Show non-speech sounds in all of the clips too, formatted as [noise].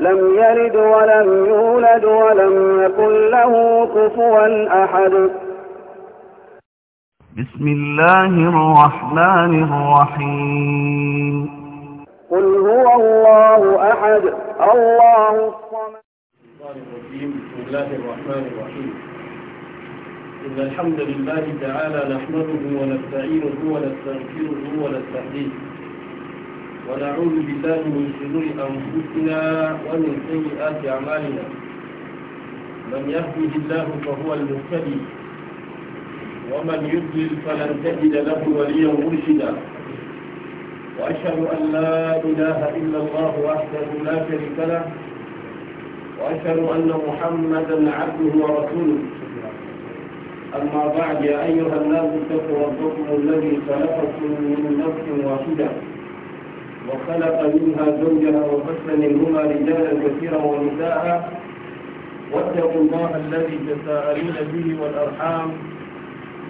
لم يلد ولم يولد ولم يكن له كفوا أحد بسم الله الرحمن الرحيم قل هو الله أحد الله الصمد بسم الله الرحمن الرحيم إن الحمد لله تعالى نحمده ونستعينه ونستغفره ونستهديه ونعوذ بالله من شرور أنفسنا ومن سيئات أعمالنا من يهده الله فهو المهتدي ومن يضلل فلن تجد له وليا مرشدا وأشهد أن لا إله إلا الله وحده لا شريك له وأشهد أن محمدا عبده ورسوله أما بعد يا أيها الناس اتقوا ربكم الذي خلقكم من نفس واحدة وخلق منها زوجها وحسن منهما رجالا كثيرا ونساء واتقوا الله الذي تساءلون به والارحام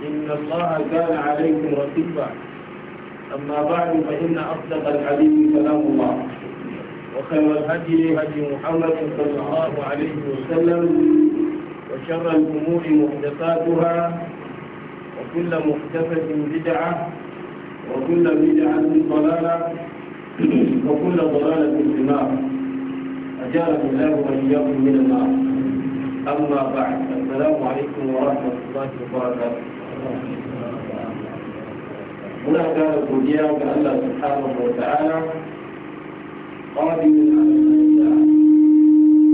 ان الله كان عليكم رقيبا اما بعد فان اصدق الحديث كلام الله وخير الهدي هدي محمد صلى الله عليه وسلم وشر الامور محدثاتها وكل محدثه بدعه وكل بدعه ضلاله [clears throat] وكل ضلالة في النار أجارك الله وإياكم من النار أما بعد السلام عليكم ورحمة الله وبركاته هنا كان الدنيا وكأن الله سبحانه وتعالى قادم على الأشياء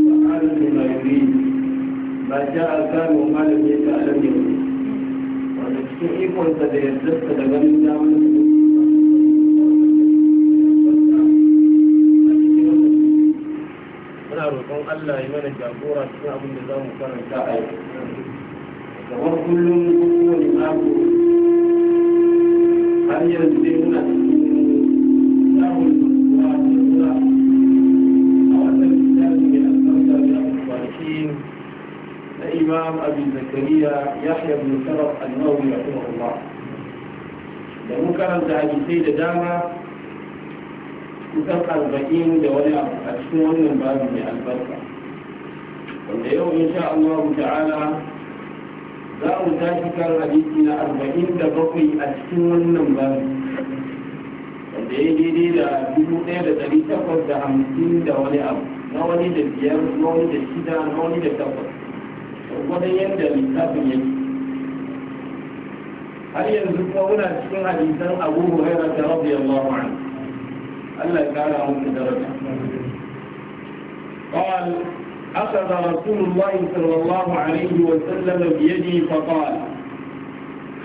وعالم ما يريد ما شاء كان وما لم يشاء لم يريد ولكن يكون تدير تسكت من الدنيا roƙon Allah ya mana jagora cikin abin da za mu karanta a yau kamar kullum kowane mako har yanzu dai muna cikin samun da zuwa a kusan arba'in da wani abu a cikin wannan babu mai albarka wanda yau insha Allah ta'ala za mu tashi kan hadisi na arba'in da bakwai a cikin wannan babu wanda ya daidai da dubu ɗaya da ɗari takwas da hamsin da wani abu na wani da biyar na wani da shida na wani da takwas gwargwadon yadda littafin yake har yanzu kuma muna cikin hadisan abu hurairah radiyallahu anhu ألا كان في درجة قال أخذ رسول الله صلى الله عليه وسلم بيده فقال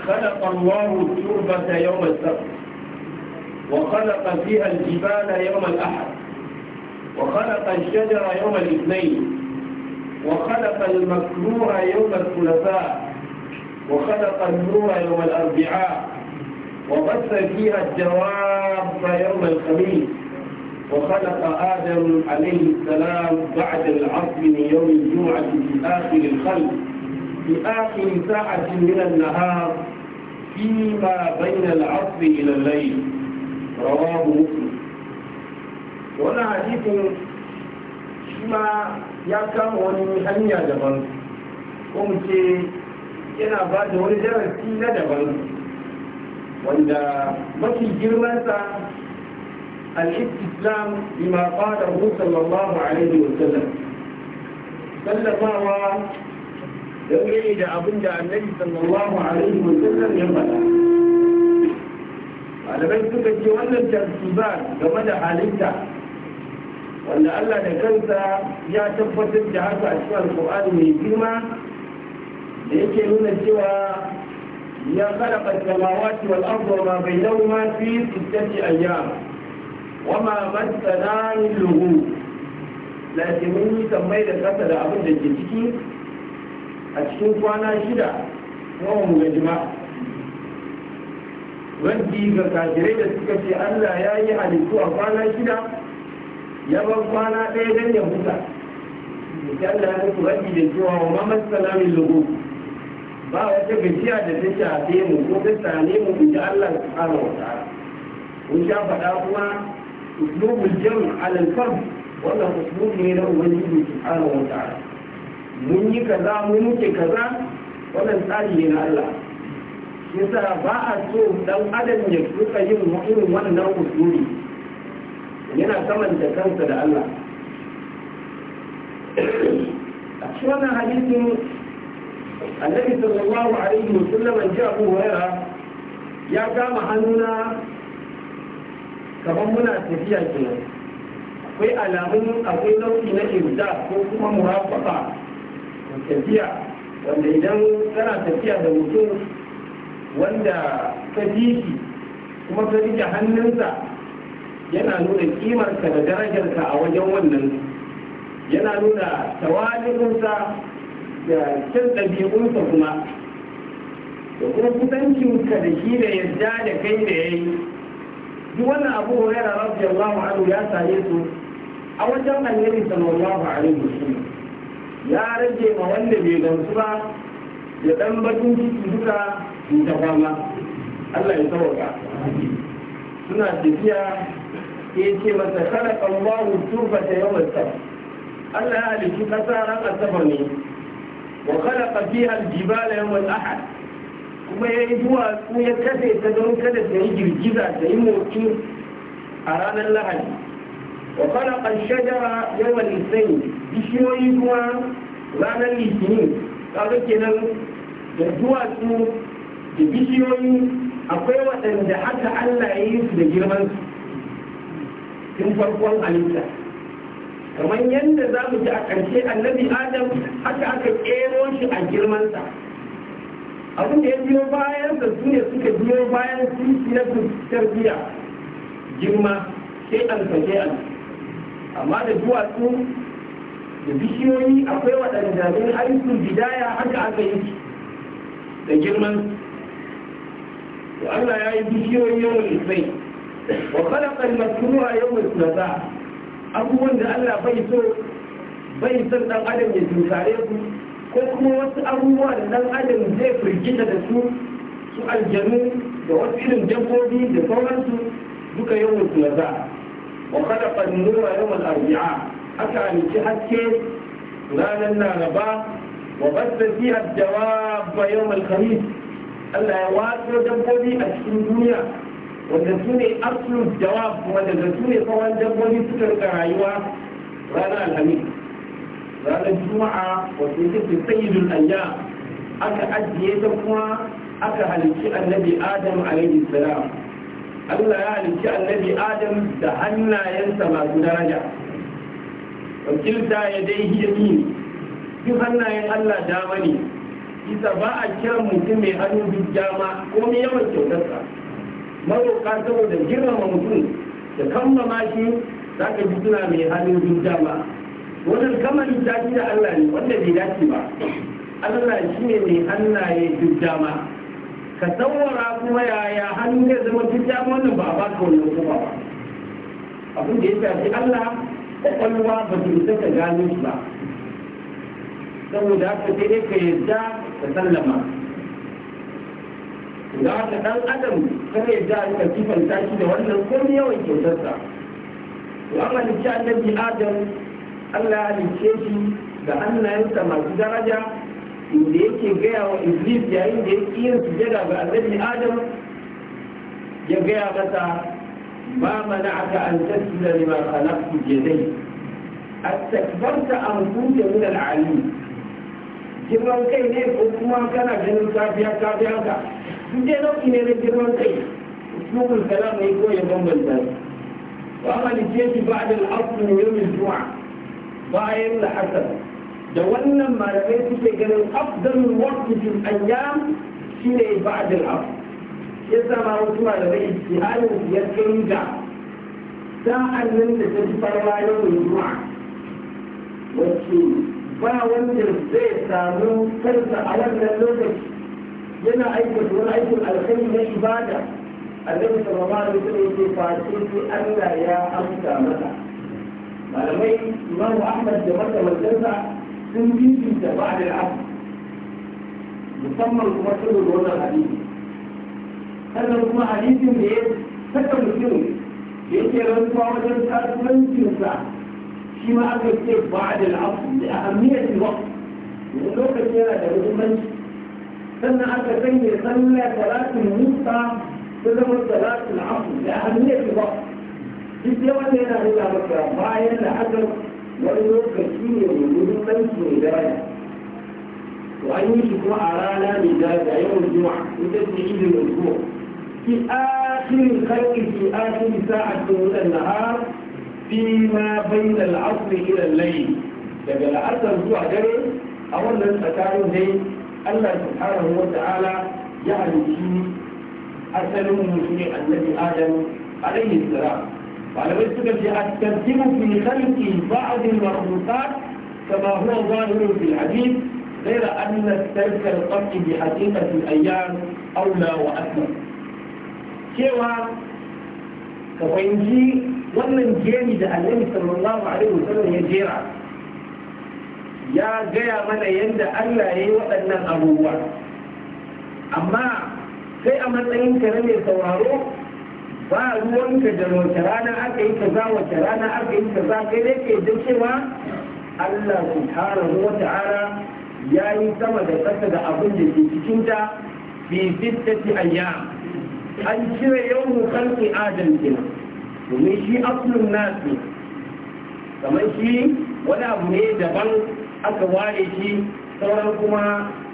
خلق الله التربة يوم السبت وخلق فيها الجبال يوم الأحد وخلق الشجر يوم الاثنين وخلق المكروه يوم الثلاثاء وخلق النور يوم الأربعاء وبث فيها الدواب يوم الخميس وخلق آدم عليه السلام بعد العصر من يوم الجمعة في آخر الخلق في آخر ساعة من النهار فيما بين العصر إلى الليل رواه مسلم وانا حديث شما يكام وني هنيا دبل قمت yana بعد وني wani ندبل wanda mafi girmansa al-istislam bima qala Rasul sallallahu alaihi wa sallam sallamawa dangane da abin da annabi sallallahu alaihi wa sallam ya faɗa malamai suka ce wannan tartibal game da halitta wanda Allah da kansa ya tabbatar da haka a cikin al alƙur'ani mai girma da yake nuna cewa ya khalaqa as-samawati wal arda wa ma bainahuma fi sittati ayyam wa ma massana min lughub lakin mun yi tambayi da kasa da abin da ke ciki a cikin kwana shida kuma mu ga ba wadda ga kafirai da suka ce Allah ya yi halittu a kwana shida ya ban kwana ɗaya don ya huta. Allah ya nufi wadda da cewa wa mamar salamin lugu ba wata gajiya da ta shafe mu ko ta same mu inda Allah subhanahu wa ta'ala mun sha faɗa kuma uslubul jam' ala al wannan uslub ne na ubangiji subhanahu wa ta'ala mun yi kaza mun muke kaza wannan tsari ne na Allah yasa ba a so dan adam ya duka yin irin wannan usuli yana saman da kansa da Allah a cikin wannan hadisin annabi sallallahu alaihi wa sallam ji abu huraira ya kama hannuna kamar muna tafiya kenan akwai alamun akwai nau'i na irda ko kuma murafaqa tafiya wanda idan kana tafiya da mutum wanda ka ji kuma ka rike hannunsa yana nuna kimarka da darajarka a wajen wannan yana nuna tawali'unsa da kyan ɗabi'unsa kuma da kuma kusancinka da shi da yadda da kai da ya yi duk wannan abu hurairah radiyallahu anhu ya same su a wajen annabi sallallahu alaihi wasallam ya rage ma wanda bai gamsu ba ya dan bakin ciki duka in ta kwama Allah ya sauka suna tafiya ya ce masa kada Allahu turbata yawan sabt Allah ya halitta kasa ran asabar ne wa khalaqa aljibala al-jibala ahad kuma yayi duwatsu ya kafe ta don kada ta yi girgiza ta yi motsi a ranar lahadi wa khalaqa ash-shajara yawm al-ithnayn bishiyoyi kuma ranar litinin kaga kenan da duwatsu da bishiyoyi akwai waɗanda haka Allah ya yi su da girman su tun farkon halitta kamar yadda za mu ji a ƙarshe annabi adam haka aka ƙero shi a girmansa abin da ya biyo bayansa su ne suka biyo bayan shi na tarbiyya girma sai an fage an amma da duwatsu da bishiyoyi akwai waɗanda min haisu bidaya haka aka yi da girman Allah ya yi bishiyoyi yawan isai wa khalaqa al-makruha yawm al abubuwan da Allah bai so bai son dan adam ya tunkare su ko kuma wasu abubuwa da dan adam zai firgita da su su aljanu da wasu irin dabbobi da sauransu duka yau su na za wa kada an-nura yawm al-arbi'a aka halici haske ranar laraba wa basta fi ad-dawab yau al Allah ya wato dabbobi a cikin duniya wanda su ne absolute jawab wanda da su ne tsawon dabbobi suka rika rayuwa ranar alhamis ranar juma'a wato ita ce sayyidul anya aka ajiye ta kuma aka halicci annabi adam alaihi salam Allah ya halicci annabi adam da hannayensa masu daraja wakilta ya dai yamin duk hannayen Allah dama ne isa ba a kiran mutum mai hannu duk dama ko mai yawan kyautarsa maroka saboda girmama mutum da kammama shi za ka ji suna mai halin zuciya ba wannan kamalin ta da Allah ne wanda bai dace ba Allah shi ne mai hannaye duk dama ka tsawara kuma yaya hannu zai zama duk dama wannan ba a ba ka wani kuma ba abin da ya shafi Allah kwakwalwa ba su isa ka gano shi ba saboda haka sai dai ka yarda ka sallama da haka dan adam kada ya da ka shi da wannan komai yawan kyautarsa to an halicci annabi adam Allah ya halicce shi da hannayensa masu daraja inda yake gaya wa iblis yayin da yake yin sujada ga annabi adam ya gaya masa ma mana'aka an tasjuda lima khalaqtu bi astakbarta am kunta min al-alim girman kai ne ko kuma kana ganin safiya safiya ka su je nau'i ne na girman kai usulul kalam ne ko ya bambanta su wa amma da ba'da ne yau mai zuwa. bayan la'asar da wannan malamai suke ganin afdalul waqti fil ayyam shine ba'da al-asr yasa ma wasu malamai ijtihadin su ya kai da sa'an nan da ta ci farwa mai zuwa. wacce ba wanda zai samu kansa a wannan lokaci yana aikata wani aikin alkhairi na ibada annabi sallallahu alaihi wasallam yake face sai Allah ya amsa masa malamai imamu ahmad da makamantansa sun bibinta ba'da al'abd musamman kuma saboda wannan hadisi sannan kuma hadisin da ya saka mutum da yake rantsuwa wajen kasuwancinsa shi ma aka ce ba'da al'abd da ahammiyatul waqt lokacin yana da muhimmanci سنة حتى كان يصلى ثلاثة النصف تدعو صلاة العصر لأهمية الوقت في الزمن هنا هنا بكرة باية لحجر ولو كثير من المنس مجاية وأن يشكو أعلى مجاية يوم الجمعة لتسعيد الأسبوع في آخر الخير في آخر ساعة من النهار فيما بين العصر إلى الليل لكن لأرض الأسبوع جاي أولا أتعلم هيك الله سبحانه وتعالى يعني في أسل المشيء الذي آدم عليه السلام قال بسك في الترتيب في خلق بعض المخلوقات كما هو ظاهر في الحديث غير أن ترك القطع بحقيقة الأيام أولى وأكمل كيوا كفينجي ومن جيني ده صلى الله عليه وسلم يجيرا ya gaya mana yadda Allah ya yi waɗannan abubuwa amma sai a matsayin kare mai sauraro ba ka da wace rana aka yi kaza wace rana aka yi kaza kai dai ke da cewa Allah tara wa ta'ala ya yi sama da ƙasa da abin da ke cikin ta fi sittati ayya an cire yawmu khalqi adam domin shi aslun nasi kamar shi wani abu ne daban aka ware shi sauran kuma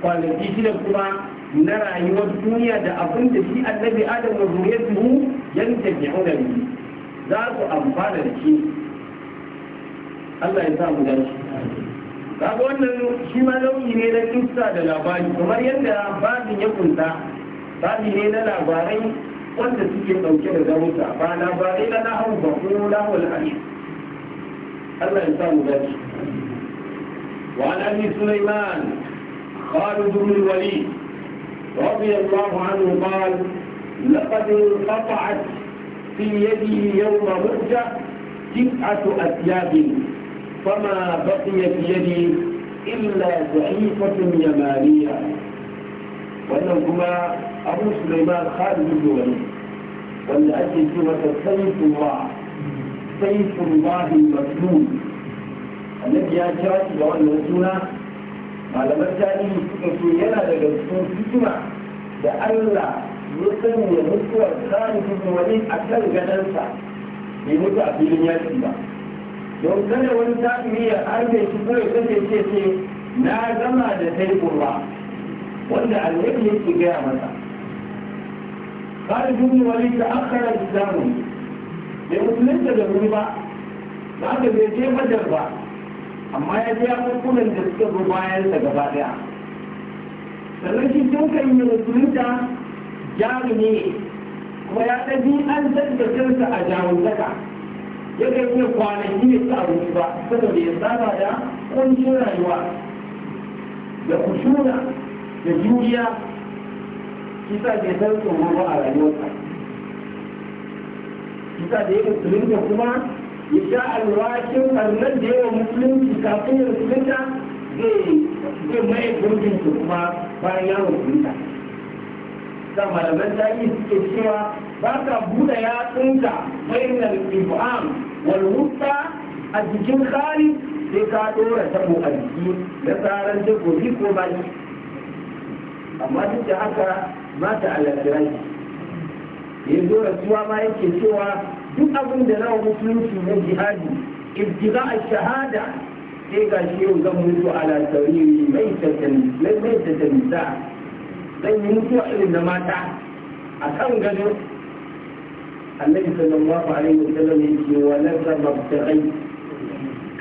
kwanaki shida kuma na rayuwar duniya da abin da shi annabi adam wa zuriyatuhu yan tabi'u da bihi za su amfana da shi Allah ya sa mu dace kaga wannan shi ma nau'i ne na kissa da labari kamar yadda babin ya kunta babi ne na labarai wanda suke dauke da zaruta ba labarai na hau ba ko nahawul hadith Allah ya sa mu dace وعن أبي سليمان خالد بن الوليد رضي الله عنه قال لقد انقطعت في يدي يوم مرجة تسعة أثياب فما بقي في يدي إلا صحيفة يمانية وإنهما أبو سليمان خالد بن الوليد والأجل سورة سيف الله سيف الله المسلول annabi ya kira shi da wannan suna malamar jami'i suka so yana daga cikin fitina da Allah ya sanya mutuwar tsari cikin wani a kan gadansa bai mutu a filin yaki ba don kada wani tafiye ya arbe shi ko ya kace ce ce na gama da yi kurwa wanda annabi ke gaya masa قال ابن وليد تأخر الإسلام bai musulunta da wuri ba ba ka bai ce madar ba amma ya biya kukunan da suka zo sa gaba daya sannan shi tun kan yi musulunta jarumi ne kuma ya ɗabi an zanta kansa a jarumtaka ya kan yi kwanaki ne ta abu ba saboda ya saba da ƙunshin rayuwa da kushuna da juriya kisa ke san tsoro ba a rayuwarsa kisa da ya musulunta kuma ya alwakin alwashin da yawa musulunci kafin ya musulunta zai mai gurbin su kuma bayan ya musulunta da malaman tarihi suke cewa ba ka buɗe yatsun ta ibham Ibrahim wusta a jikin kari sai ka ɗora tabo a jiki da tsaran ko baki amma duk da haka mata alaƙirai ya zo rasuwa ma yake cewa duk abin da na musulunci na jihadi ibtiza a shahada sai ga shi yau zan mutu ala sauri mai tattalisa zan yi a irin na mata a kan gado annabi sallallahu alaihi wasallam ya ce wa da mabtarai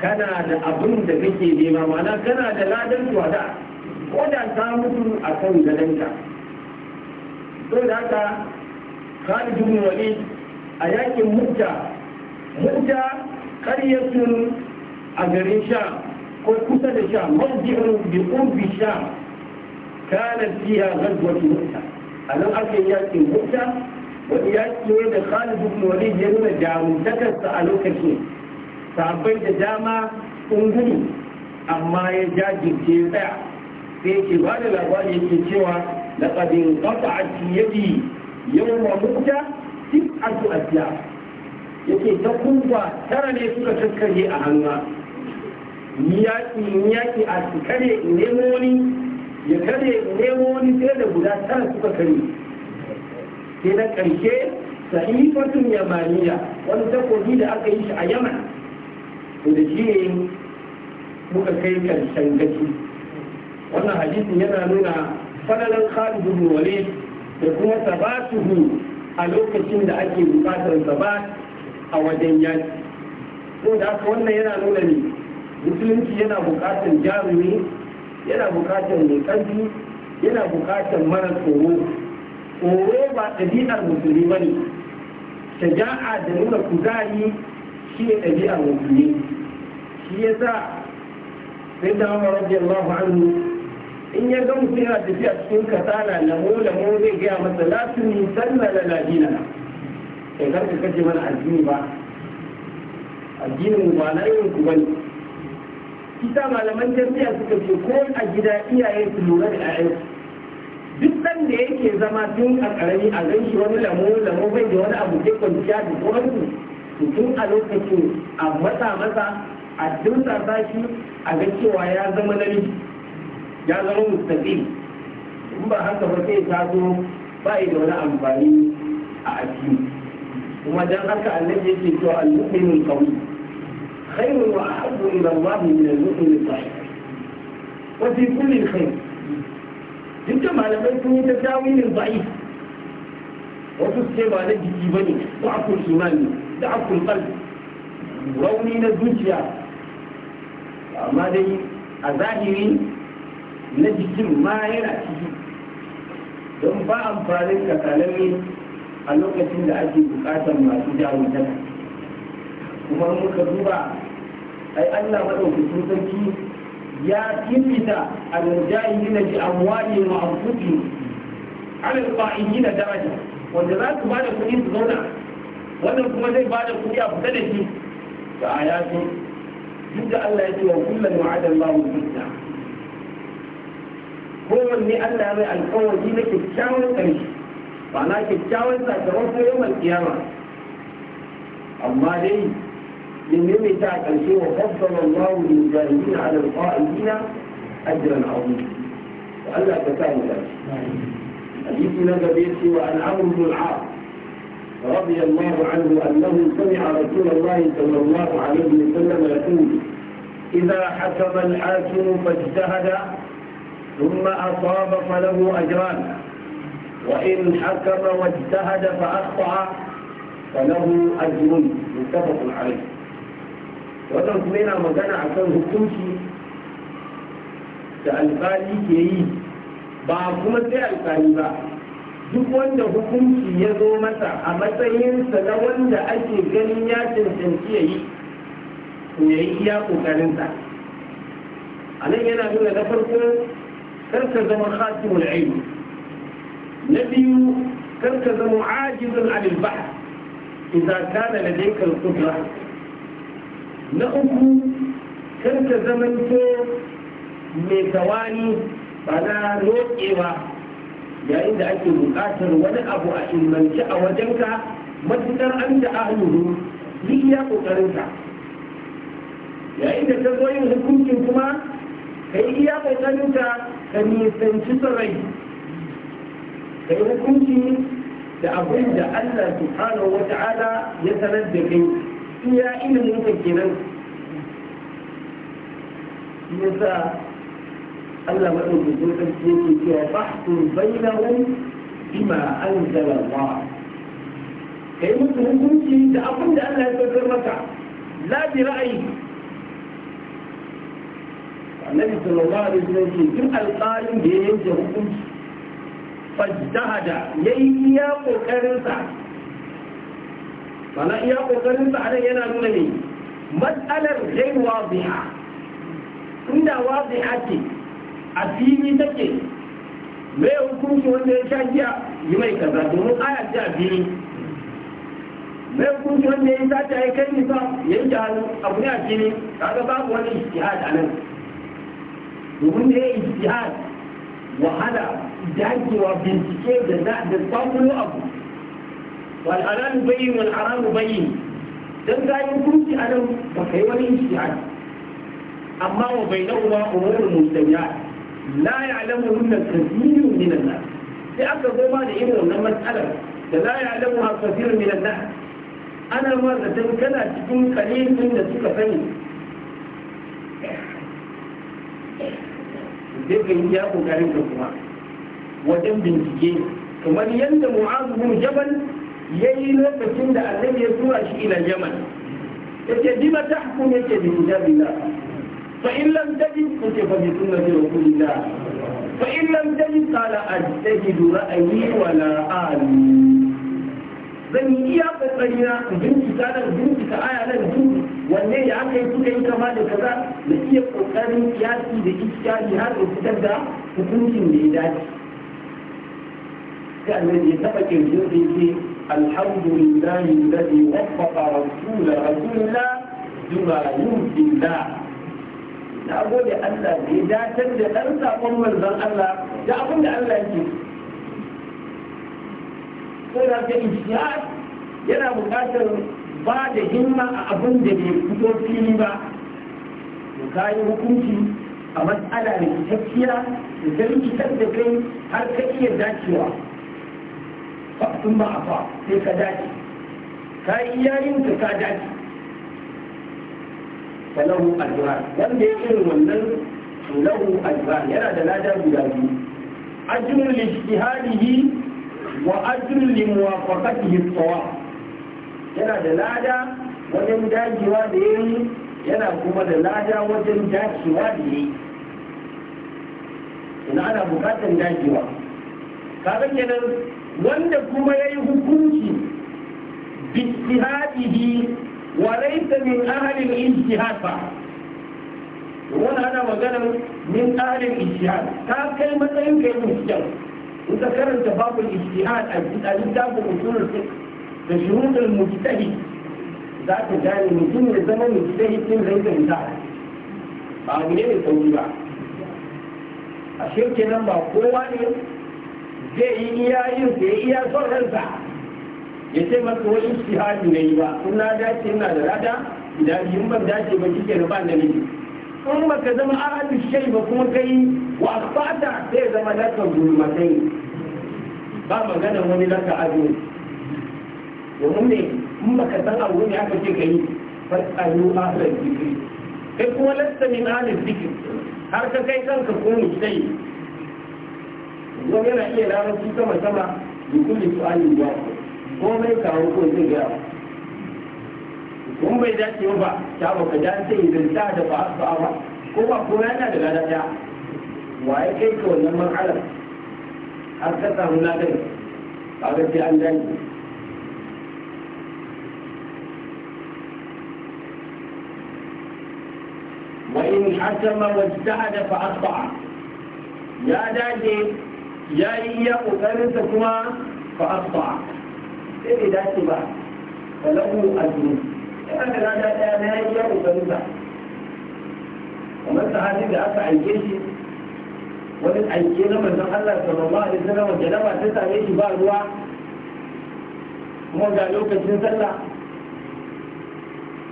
kana da abin da kake nema mana kana da ladan tuwada ko da ta mutu a kan gadonka da haka Khalid ibn Walid a yakin mutta mutta karyatun a garin sha ko kusa da sha masjidun bi qurbi sha kana fiha ghazwatu mutta a nan ake yakin mutta wani yaki ne da Khalid duk Walid ya nuna jarumtakarsa a lokacin sabai da dama sun gudu amma ya jajirce tsaya sai ke ba da labari yake cewa laqad qata'at yadi yawma mutta duk ajiya yake ta kuwa tara ne suka kakkare a hannu yaƙi yaƙi a kare nemo ni ya kare nemo ni sai da guda tara suka kare sai na ƙarshe sahifatun yamaniya wani takobi da aka yi shi a yaman da shi ne muka kai karshen gaci wannan hadisin yana nuna falalan khalid bin walid da kuma sabatuhu a lokacin da ake bukatar gaba a wajen yaki ko da aka wannan yana nuna ne musulunci yana bukatar jarumi yana bukatar mai ƙarfi yana bukatar mara tsoro tsoro ba ɗabi'ar musulmi ba ne shaja'a da nuna kuzari shi ne ɗabi'ar musulmi shi ya sa sai da rabbi Allahu anhu in ya ga mutum yana tafiya cikin kasala lamo lamo zai gaya masa lafin tu ni da la ladina kai kar ka kace mana addini ba addinin ba na yin ku bane kita malaman jami'a suka ce ko a gida iyaye su lura da ƴaƴan duk dan da yake zama tun a karami a gan shi wani lamo lamo bai da wani abu ke kwanciya da sauransu to tun a lokacin a matsa masa a dursa shi a ga cewa ya zama namiji ya zama mustaqim in ba haka ba sai ta zo ba da wani amfani a addini kuma dan haka annabi yake cewa al-mu'minul qawi khairun wa ahabbu ila Allah min al-mu'minil dha'if wa fi kulli khair da malamai sun yi ta tawilin ba'i wasu ce ba na jiki ba ne da'aful imani da'aful qalbi rauni na zuciya amma dai a zahiri na jikin ma yana ciki don ba amfani amfanin kasalami a lokacin da ake bukatar masu jawo jarumtaka kuma muka duba ai allah maɗaukakin sarki ya kimita al-mujahidina bi amwalihim wa anfusihim alal al-qa'idina daraja wanda za su ba da kuɗi su zauna wannan kuma zai ba da kuɗi a fita da shi da ayatu duk da Allah ya ce wa kullum wa'ada Allahu al kowanne Allah mai alkawari na kyakkyawan ƙarshe ba na kyakkyawan sakamako yawan kiyama amma dai in maimaita a ƙarshe wa fassara Allah min jahilina ala alqa'ina ajran azim Allah ta sa mu dace hadisi na gabe cewa al'amru bil رضي الله عنه أنه سمع رسول الله صلى الله عليه وسلم يقول إذا حكم الحاكم فاجتهد ثم أصاب فله أجران وإن حكم واجتهد فأخطأ فله أجر متفق عليه wannan kuma yana magana a kan hukunci da alkali ke yi ba kuma sai alkali ba duk wanda hukunci ya zo masa a matsayinsa na wanda ake ganin ya cancanci ya yi ya yi iya ƙoƙarinsa a nan yana nuna na farko karka zama khatimul ilm na biyu karka zama ajizun anil bahr idan kana ladayka al-qudra na uku karka zamanto mai tawani ba na roƙewa yayin da ake buƙatar wani abu a ilmance a wajenka matuƙar an da ahluhu duk ya ƙoƙarinka yayin da ta zo yin hukuncin kuma ka yi iya ƙoƙarinka ka nisanci rai ka yi hukunci da abin da Allah subhanahu wa ta'ala ya sanar da kai iya ilimin ka kenan yasa Allah madaukakin sarki yake cewa fahkum bainahum bima anzala Allah kai musu hukunci da abin da Allah ya sanar maka la bi ra'ayi annabi sallallahu alaihi wasallam ce duk alƙalin da ya yanke hukunci fajjahada yayi iya kokarin sa bana iya kokarin sa anan yana nuna ne matsalar ghairu wadiha inda wadiha ce a fili take mai hukunci wanda ya sha giya yi mai kaza domin aya ce a fili mai hukunci wanda ya sata ya kai nisa yanke hannu abu ne a fili kaga babu wani ijtihad a nan domin da ya yi jihar wahala dagewa bincike da za da samun abu wal halalu bayyin wal haramu bayyin dan ga yi kunci a nan ba kai wani ijtihad amma wa bainahuma umurul mustawiya la ya'lamuhunna kathirun min an-nas sai aka zo ma da irin wannan matsalar da la ya'lamuha kathirun min an-nas ana ma da dan kana cikin kalilin da suka sani daga ka yi ya kokarin da kuma wajen bincike kamar yadda mu'azu bin jabal ya yi lokacin da annabi ya tura shi ila yaman ya ce bima ta hukum ya ce bin jabila fa in lam tajid ku ce fa bi sunnati rasulillah fa in lam tajid qala ajtahidu ra'ayi wa la ali zan yi iya kokari na bincika nan bincika aya nan bincika wanne ya aka yi suka yi kama da kaza da iya kokarin kiyasi da iskari har da fitar da hukuncin da ya dace sai annabi ya taba kirjin da yake alhamdulillahi alladhi waffaqa rasula rasulillah bima yuhillah na gode Allah da ya datar da ɗan saƙon manzon Allah da abin da Allah yake ko da ka ishiyar yana buƙatar ba da himma a abin da bai fito fili ba to kayi hukunci a matsala rikitacciya da rikitar da kai har ka iya dacewa fa'atun ba a fa sai ka dace ka yi yayin ka ka dace falahu ajran wanda ya irin wannan lahu ajran yana da lada guda biyu ajrul ijtihadihi wa ajrul limuwafaqatihi as-sawab yana da lada wajen dagewa da ya yi yana kuma da lada wajen dagewa da ya yi ina ana bukatar dagewa kaga kenan wanda kuma ya yi hukunci bijtihadihi wa laysa min ahli al-ijtihad fa wani ana magana min ahli al-ijtihad ka kai matsayin kai mun kyau in ka karanta babu ijtihad a littafin usulul fiqh da shuruɗin mujtahi za ta gane mutum ya zama mujtahi sun zai fahimta ba abu ne sauri ba a shirke nan ba kowa ne zai yi iya yin da ya iya son ransa ya ce masa wani shihadi yi ba in na dace ina da rada idan yin ban dace ba kike da ban da ne in ba ka zama arabi shai ba kuma ka yi wa fata sai zama lakar gulmatai ba magana wani laka azumi domin ne in baka san abu ne aka ce ka yi fasalu ahlal zikri kai kuma lasta min ahlal zikri har ka kai kanka ko mu sai wani yana iya ranar su sama sama da kulle su ayi ba ko mai kawo ko zai ga kun bai dace ba ta ba ka dace idan ta da ba ba ba ko ba ko yana da lada ta waye kai ka wannan mar'alar har ka samu ladan ba ga sai an dace الحسن واجتهد فأخطأ يا داجي يا إيا أثرتكما فأخطأ إيه داتي بقى فله أجر إذا كان هذا يا إيا أثرتك ومن تعالي بأسا الجيش wani aike na manzon Allah sallallahu alaihi wasallam da dama ta same shi ba ruwa kuma ga lokacin sallah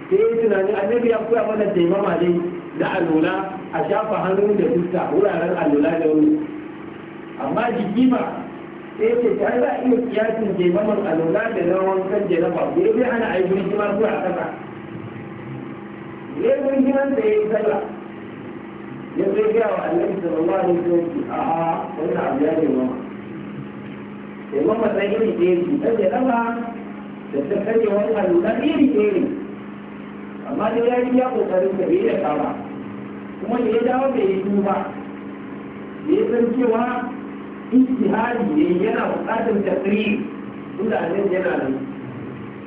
sai tunani annabi ya koya mana taimama dai da alula a shafa hannun da fuska wuraren alula da wuri amma jiki ba sai ce ta za a iya kiyasin jemamar alula da na wankan jenaba ko zai ana a yi birgima a kasa ne birgiman da ya yi sallah ya zai gaya wa annabi sallallahu alaihi wasallam a a wannan abu ya ne mama jemaman sai iri ɗaya ne ta jenaba da ta karye wani alula iri ɗaya ne amma dai ya yi ya kokari ka bai da ba kuma da ya dawo da ya yi ba da ya san cewa ijtihadi ne yana buƙatar tafsir inda annabi yana nan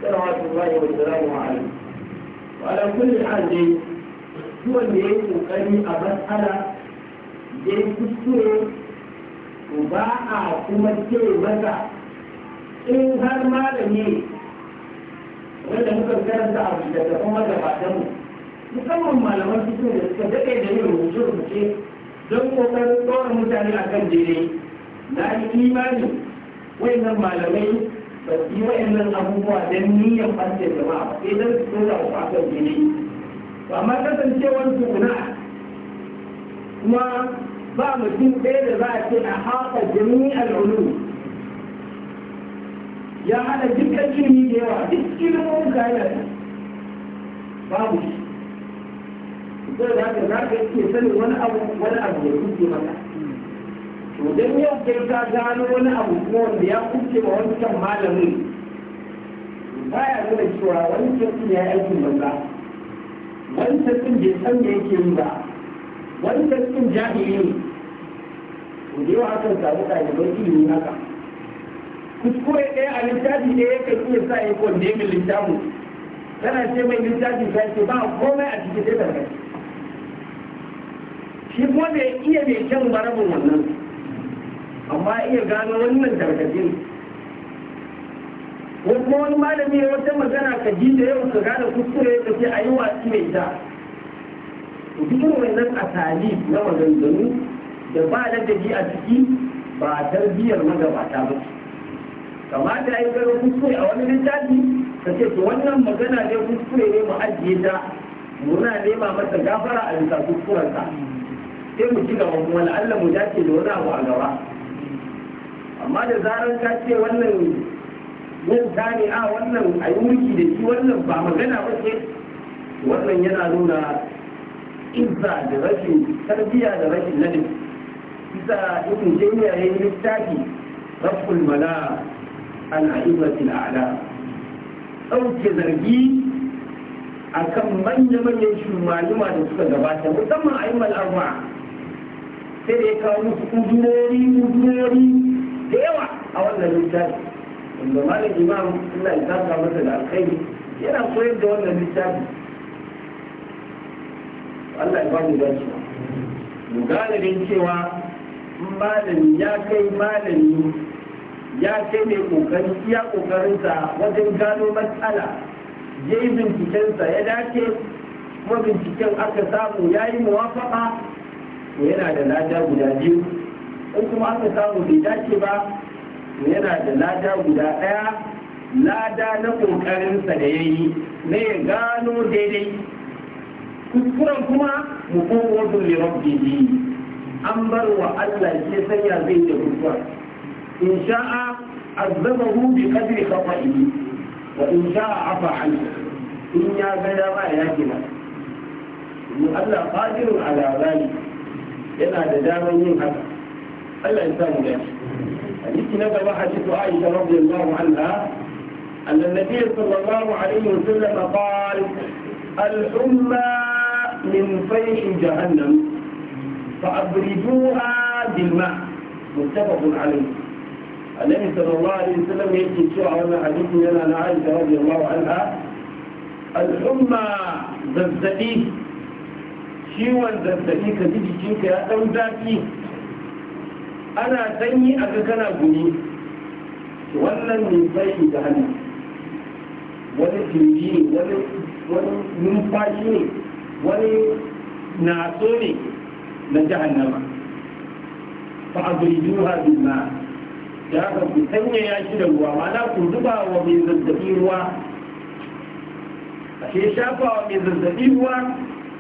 sallallahu alaihi wa sallam wa ala kulli hal dai su wanda ya yi kokari a matsala ya yi kuskure ba a kuma ce masa in har malami wanda muka karanta a littattafan magabatanmu musamman malaman cikin da suka daɗe da yin rubuce-rubuce don kokarin tsoron mutane a kan daidai na yi imani wayannan malamai ba su yi wayannan abubuwa don niyyar fasir jama'a sai don su ɗora ku a daidai ba ma kasancewar wani tukuna kuma ba mutum ɗaya da za a ce a haƙa jami'ar ulum ya hada dukkan ilimi da yawa duk ilimin ka yana babu shi ko da haka za ka iya sanin wani abu wani abu ya kuke maka to dan yau kai ka gano wani abu kuma wanda ya kuke ma wani kan malamin baya nuna cewa wani kirkin ya aikin banza wani kirkin bai san me yake yi ba wani kirkin jami'i ne ko da yawa akan samu ɗaliban ilimi haka kuskure ɗaya a littafi ɗaya ya kan iya sa ya kwande min littafi tana ce mai littafi ta ce ba komai a cikin sai tarkace shi kuma da iya mai kyan marabin wannan amma iya gano wannan tarkace ko kuma wani malami ya wata magana ka ji da yau ka gane kuskure ka ce a yi watsi mai ta cikin wannan asali na maganganu da ba ladabi a ciki ba tarbiyyar magabata ba kamata ya yi garin kuskure a wani littafi ta ce to wannan magana ne kuskure ne mu ajiye ta muna nema masa gafara a bisa kuskurensa sai mu ci gaba kuma la'alla mu dace da wani abu a gaba amma da zarar ka ce wannan yin ne a wannan a yi mulki da shi wannan ba magana ba ce wannan yana nuna izza da rashin tarbiyya da rashin ladin isa ibn jami'a ya yi littafi raful mala an aibatin ala ɗauke zargi a kan manya-manyan shumanuma da suka gabata musamman a yi mal'arwa sai da ya kawo musu kudurori kudurori da yawa a wannan littafi wanda malam imam Allah ya saka masa da alkhairi yana koyar da wannan littafi Allah ya ba mu dace mu gane cewa malami ya kai malami ya kai mai kokari iya kokarinsa wajen gano matsala ya yi bincikensa ya dace kuma binciken aka samu ya yi muwafaka to yana da lada guda biyu in kuma aka samu bai dace ba to yana da lada guda ɗaya lada na kokarinsa da ya yi na ya gano daidai kuskuren kuma mu kowa rabbi an bar wa Allah ke sanya zai da kuskuren إن شاء عذبه بقدر خطئه وإن شاء عفى عنه إن يا بلا ما ياكنا الله قادر على ذلك yana da damar yin haka Allah ya samu da hadisi na gaba hadisu Aisha radiyallahu أن النبي صلى الله عليه وسلم قال الحمى من فيح جهنم فأبردوها بالماء متفق عليه annabi sallallahu alaihi wasallam yake cewa wannan hadisin yana na Aisha radiyallahu anha al-umma zazzabi ciwon zazzabi ka ji jikinka ya ɗau zafi ana sanyi a ga kana gumi wannan ne sai da hannu wani jirgi ne wani numfashi ne wani naso ne na jahannama fa abrijuha bil ma' da haka ku sanya ya shi da ruwa mana ku zuba wa mai zazzabi ruwa ashe shafa wa mai zazzabi ruwa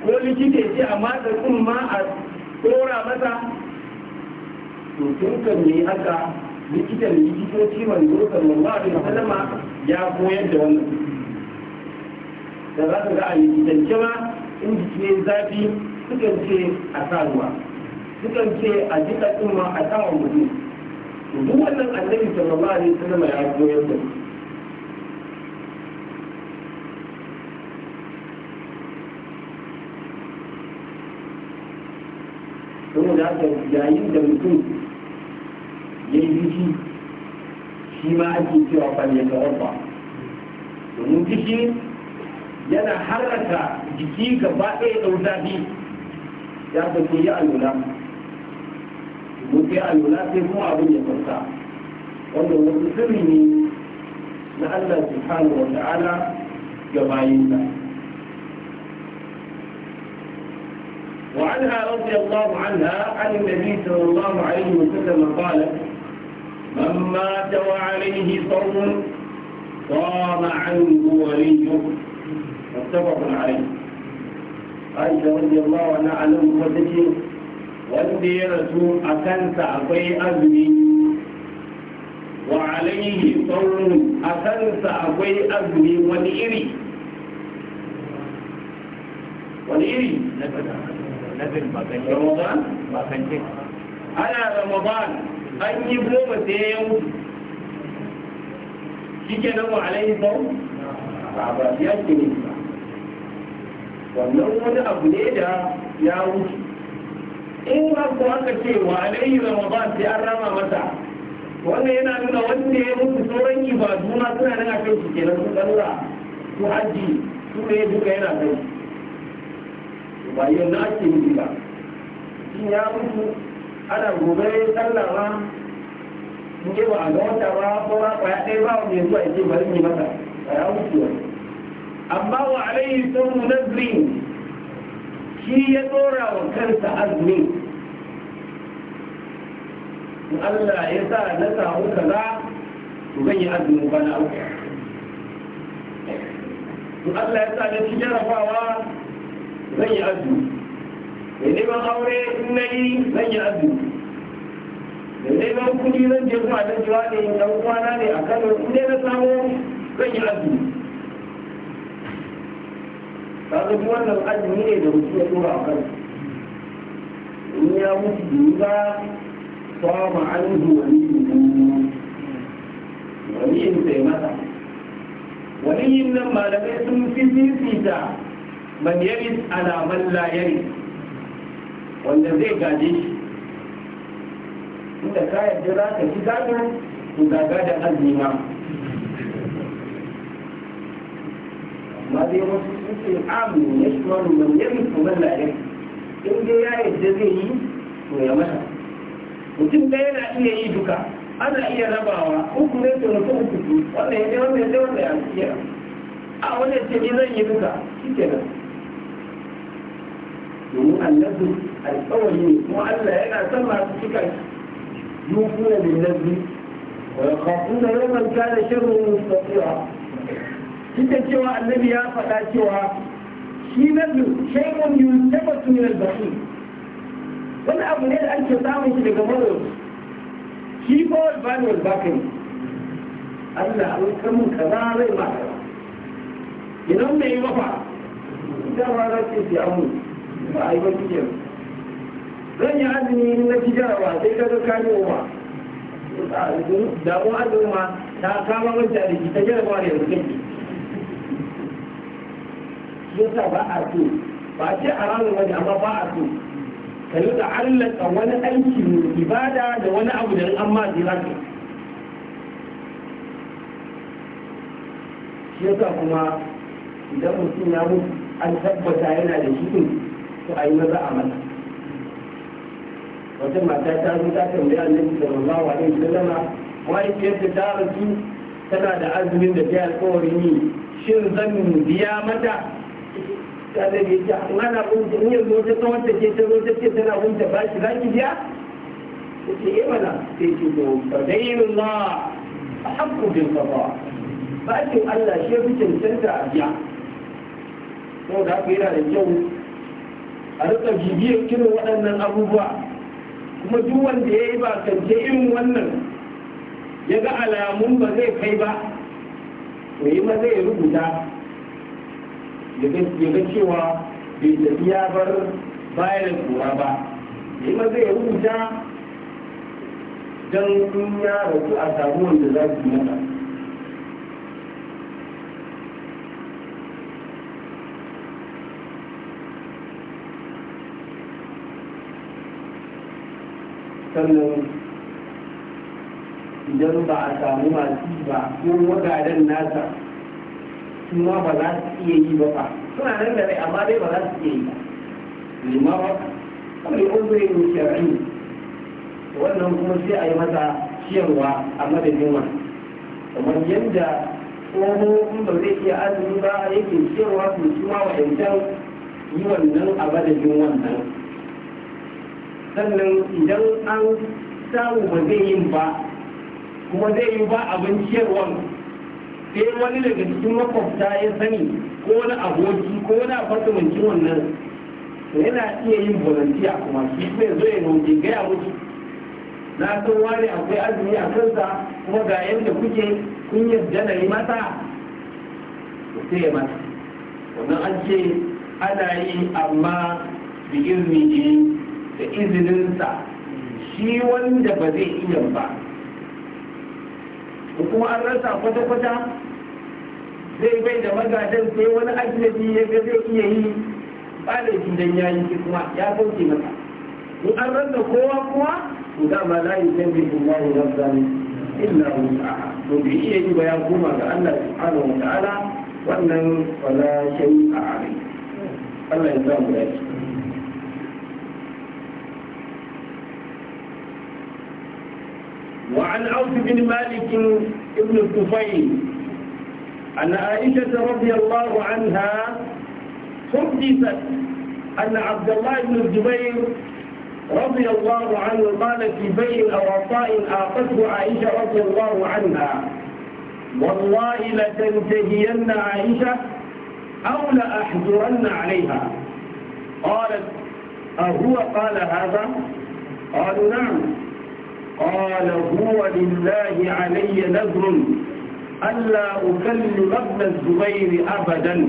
ko likita ya ce a matsa kun ma a tsora masa to tun kan ne haka likita mai likitoci manzo sallallahu alaihi halama ya koyar da wani. da za ka ga a likitance ma in jiki ne zafi sukan ce a sa ruwa sukan ce a jika tsumma a saman mutum duk wannan annabi sallallahu alaihi wasallam ya koyar da kuma da haka yayin da mutum ya yi biki shi ma ake cewa falle ta rabba domin biki yana harata jiki gaba ɗaya ɗau zafi ya 'Yi a alula sai a lura sai kuma abin ya sauka wanda wasu sirri ne na Allah wa ta'ala ga bayinsa وعنها رضي الله عنها عن النبي صلى الله عليه وسلم قالت من مات وعليه صوم صام عنه وليه متفق عليه عائشة رضي الله عنها علم وتجيه wanda ya rasu a kansa akwai azumi wa alaihi saurin a kansa akwai azumi wani iri wani iri na bakance ramadan bakance ana ramadan an yi goma sai ya mutu shi ke nan wa alaihi saurin ba ya ke wannan wani abu ne da ya wuce in ba ku aka ce wa alayhi ramadan sai an rama masa wannan yana nuna wanda ya mutu sauran ibadu na suna nan a kai shi kenan su tsarura su hajji su ne duka yana kai su ba yau na ake yi ba shi ya mutu ana gobe sallah ma in ke ba a ga wata ba ko ba kwaya ɗaya ba wanda ya zuwa ya ce bari ne mata ba ya mutu wani amma wa alayhi sun munazrin shi ya tsora wa kansa azumi Allah ya sa na samu kaza zan yi azumin bana uku Allah ya sa na ci jarabawa zan yi azumi da neman aure in na yi zan yi azumi da neman kudi zan je kuma don jiwa ne ɗan kwana ne a kano in na samu zan yi azumi kaga duk wannan azumi ne da rufi ya tura a kan in ya mutu da yi ba wani anhu wani yin sai mata yin nan malamai sun fi fifita man yaris ala man la wanda zai gaje shi inda ka yarda za ka ji gado ku gaga da azumi ma ma zai mutu hukuncin amu ya shimaru man ya mutu man na in dai ya yadda zai yi to ya mata mutum ɗaya na iya yi duka ana iya rabawa uku ne to mutum uku wannan ya wanda ya wanda ya iya a wanda ce ni yi duka shi ke nan domin annabi alƙawari ne kuma Allah yana son masu cika yukuna bin nabi wa yaqafuna duk cewa annabi ya faɗa cewa shi na biyu shaikun yun tabbatu min al-bahi wani abu ne da ce samun shi daga maroci shi ko al-bani wani bakari Allah an kamun kama zai ma kaza idan yi mafa idan ma za ce sai amu ba a yi ba kike zan yi azumi na tijarawa sai ka ga kamewa ma da azumi ma ta kama wajen da ke ta jarabawa da yanzu kake yasa ba a so ba ce ranar wani amma ba a so ka yi da allaka wani aiki ne ibada da wani abu da an ma ka shi yasa kuma idan mutum ya mutu an tabbata yana da shi to a yi maza a mata wata mata ta zo ta tambaya annabi sallallahu alaihi wasallama ke ta rasu tana da azumin da ta yi alkawarin yi shin zan biya mata kada da yake an ana kunta in yanzu wata tsawon ta ce ta ta ce tana kun ta shi za ki biya ta ce yi eh, mana sai ce to fa dairun ma a haƙƙo bin kafa bashin Allah shi fi cancanta a biya sau da haka yana da kyau a rika bibiyar kiran waɗannan abubuwa kuma duk wanda ya yi ba bakance irin wannan ya ga alamun ba zai kai ba to yi ma zai rubuta ya cewa bai tafi ya bar bayan kura ba yi ma zai rubuta don in ya rasu a samu wanda za su mata sannan idan ba a samu masu ba ko wadadan nasa su ma ba za su iya yi ba suna nan da rai amma dai ba za su iya yi ba lima ba kawai uzurin shar'i wannan kuma sai a yi masa ciyarwa a madadin wa kamar yadda tsoho in ba zai iya azumi ba yake ciyarwa to shi ma wa'ancan yi wannan a madadin wannan sannan idan an samu ba zai yin ba kuma zai yi ba abin ciyarwan sai wani daga cikin makwabta ya sani ko wani aboki ko wani apartamentin wannan yana iya yin volunteer kuma shi zai zo ya nome gaya wuce na san wani akwai azumi a kansa kuma ga yadda kuke kun yarda na yi mata sai ya mata wannan an ce ana yi amma da izini da izininsa shi wanda ba zai iya ba kuma an rasa kwata-kwata zai bai da magadan sai wani ajnabi ya ga zai iya yi ƙalaifi dan ya yi kuma ya sauke masa in an rasa kowa kuwa to dama la yi bai kuma ne nafsan illa wusa'a to bai iya yi ba ya koma ga Allah subhanahu wa wannan wala shay'a alai Allah ya وعن بن مالك الطفيل أن عائشة رضي الله عنها حدثت أن عبد الله بن الزبير رضي الله عنه قال في بيع أو عطاء آقته عائشة رضي الله عنها والله لتنتهين عائشة أو لأحجرن عليها قالت أهو قال هذا قالوا نعم قال هو لله علي نذر ألا أكلم ابن الزبير أبدا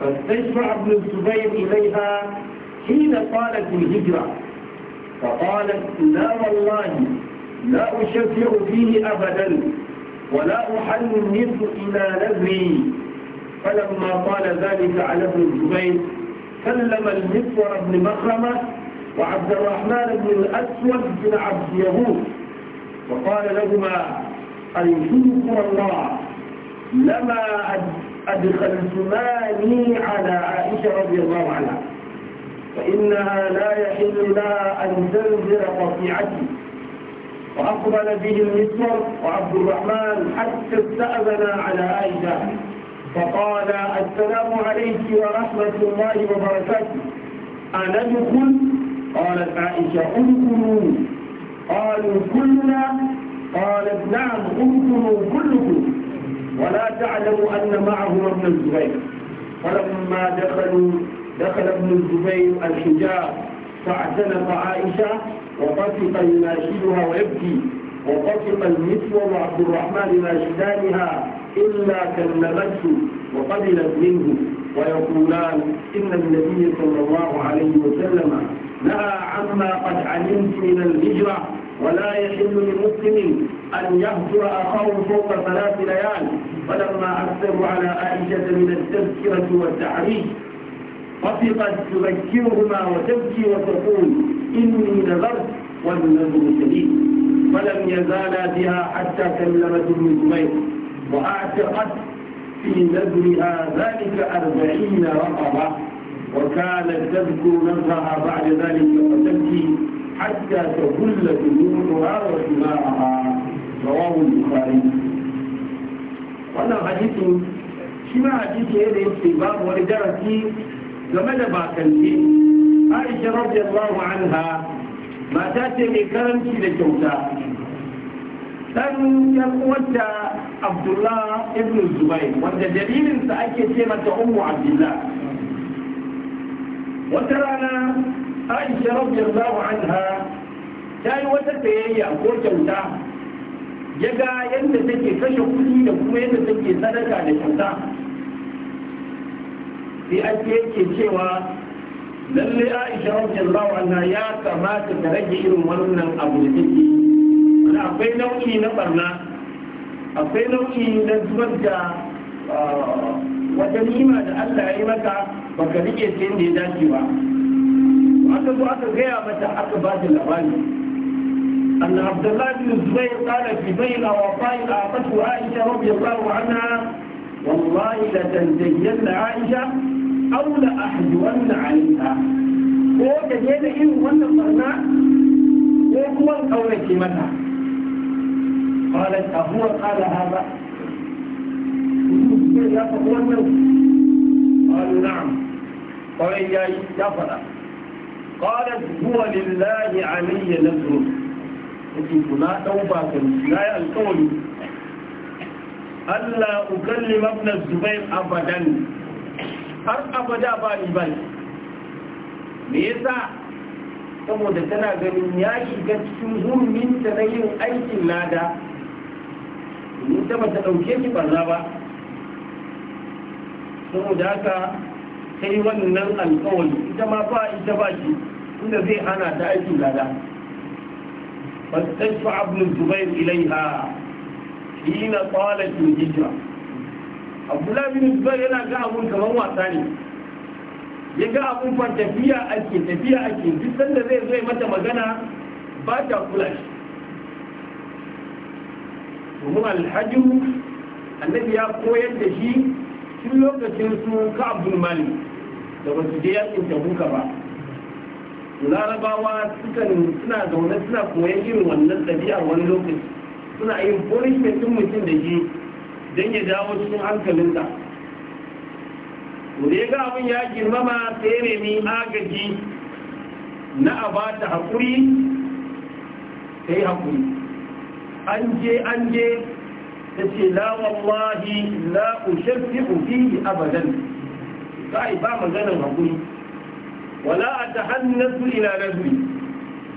فاستجمع ابن الزبير إليها حين قالت الهجرة فقالت لا والله لا أشفع فيه أبدا ولا أحنث إلى نذري فلما قال ذلك على ابن الزبير سلم المسور بن مخرمة وعبد الرحمن بن الأسود بن عبد يهود وقال لهما أن الله لما أدخلتماني على عائشة رضي الله عنها فإنها لا يحل لها أن تنزل قطيعتي وأقبل به المسور وعبد الرحمن حتى استأذن على عائشة فقال السلام عليك ورحمة الله وبركاته أنا أدخل قالت عائشة ادخلوا قالوا كلنا قالت نعم قلتم كلكم ولا تعلموا أن معه ابن الزبير فلما دخلوا دخل ابن الزبير الحجاب فاعتنق عائشة وطفق يناشدها ويبكي وطفق المثل وعبد الرحمن يناشدانها إلا كلمته وقبلت منه ويقولان إن النبي صلى الله عليه وسلم نهى عما قد علمت من الهجرة ولا يحل لمسلم أن يهجر أخاه فوق ثلاث ليال فلما أكثروا على عائشة من التذكرة والتحريك فطقت تذكرهما وتبكي وتقول إني نذرت والنذر شديد فلم يزالا بها حتى كلمت ابن زبير وأعتقت في نذرها ذلك أربعين رقبة وكانت تذكر نذرها بعد ذلك وتبكي حتى تبل جنودها وثمارها رواه البخاري wannan hadisin shima ma hadisi ne da yake babu wani darasi game da bakanni Aisha radiyallahu anha mata ce mai karanci da kyauta dan yan uwarta Abdullah ibn Zubair wanda dalilin sa ake ce mata Ummu Abdullah wata rana aisha radiyallahu anha ta yi wata tsayayya ko kyauta ya ga yadda take kashe kuɗi da kuma yadda take sadaka da kyauta sai ake yake cewa lalle aisha radiyallahu anha ya kamata ta rage irin wannan abu da take wani akwai nau'i na barna akwai nau'i na zubar da ah, wata nima da Allah ya yi maka baka rike sai da ya dace ba aka zo aka gaya mata aka ba da labari أن عبد الله بن الزبير قال في بين وطائل أعطته عائشة رضي الله عنها والله لتنزين عائشة أو لأحجون عليها وكذا يدعي وأن الصناع وهو الأولى منها قالت أهو قال هذا قالوا نعم قال طيب، يا فضل قالت هو لله علي نذر yake kuna ɗau bakanci na yi alkawari Allah ukalli mabna zubai abadan har abada ba ni ba me yasa saboda tana ganin ya shiga cikin hurumin ta na yin aikin lada domin ta bata ɗauke shi barna ba saboda haka sai wannan alkawari itama ma ba ita ba shi tunda zai hana ta aikin lada fastashfa abin zubair ilaiha shi na kwala shi hijira abdullahi bin zubair yana ga abun kamar wasa ne ya ga abun fa tafiya ake tafiya ake duk sanda zai zo mata magana ba ta kula shi domin alhaji annabi ya koyar da shi tun lokacin su ka abdul malik da ba su je yakin tabuka ba larabawa suka suna zaune suna koyan yin wannan ɗabi'a wani lokaci suna yin punishment ɗin mutum da shi don ya dawo cikin hankalinsa da ya ga abin ya girmama sai nemi agaji na a ba ta haƙuri ta yi haƙuri an je an je ta ce la wallahi la fi ufi abadan ba ba maganin haƙuri wala atahannasu ila nazwi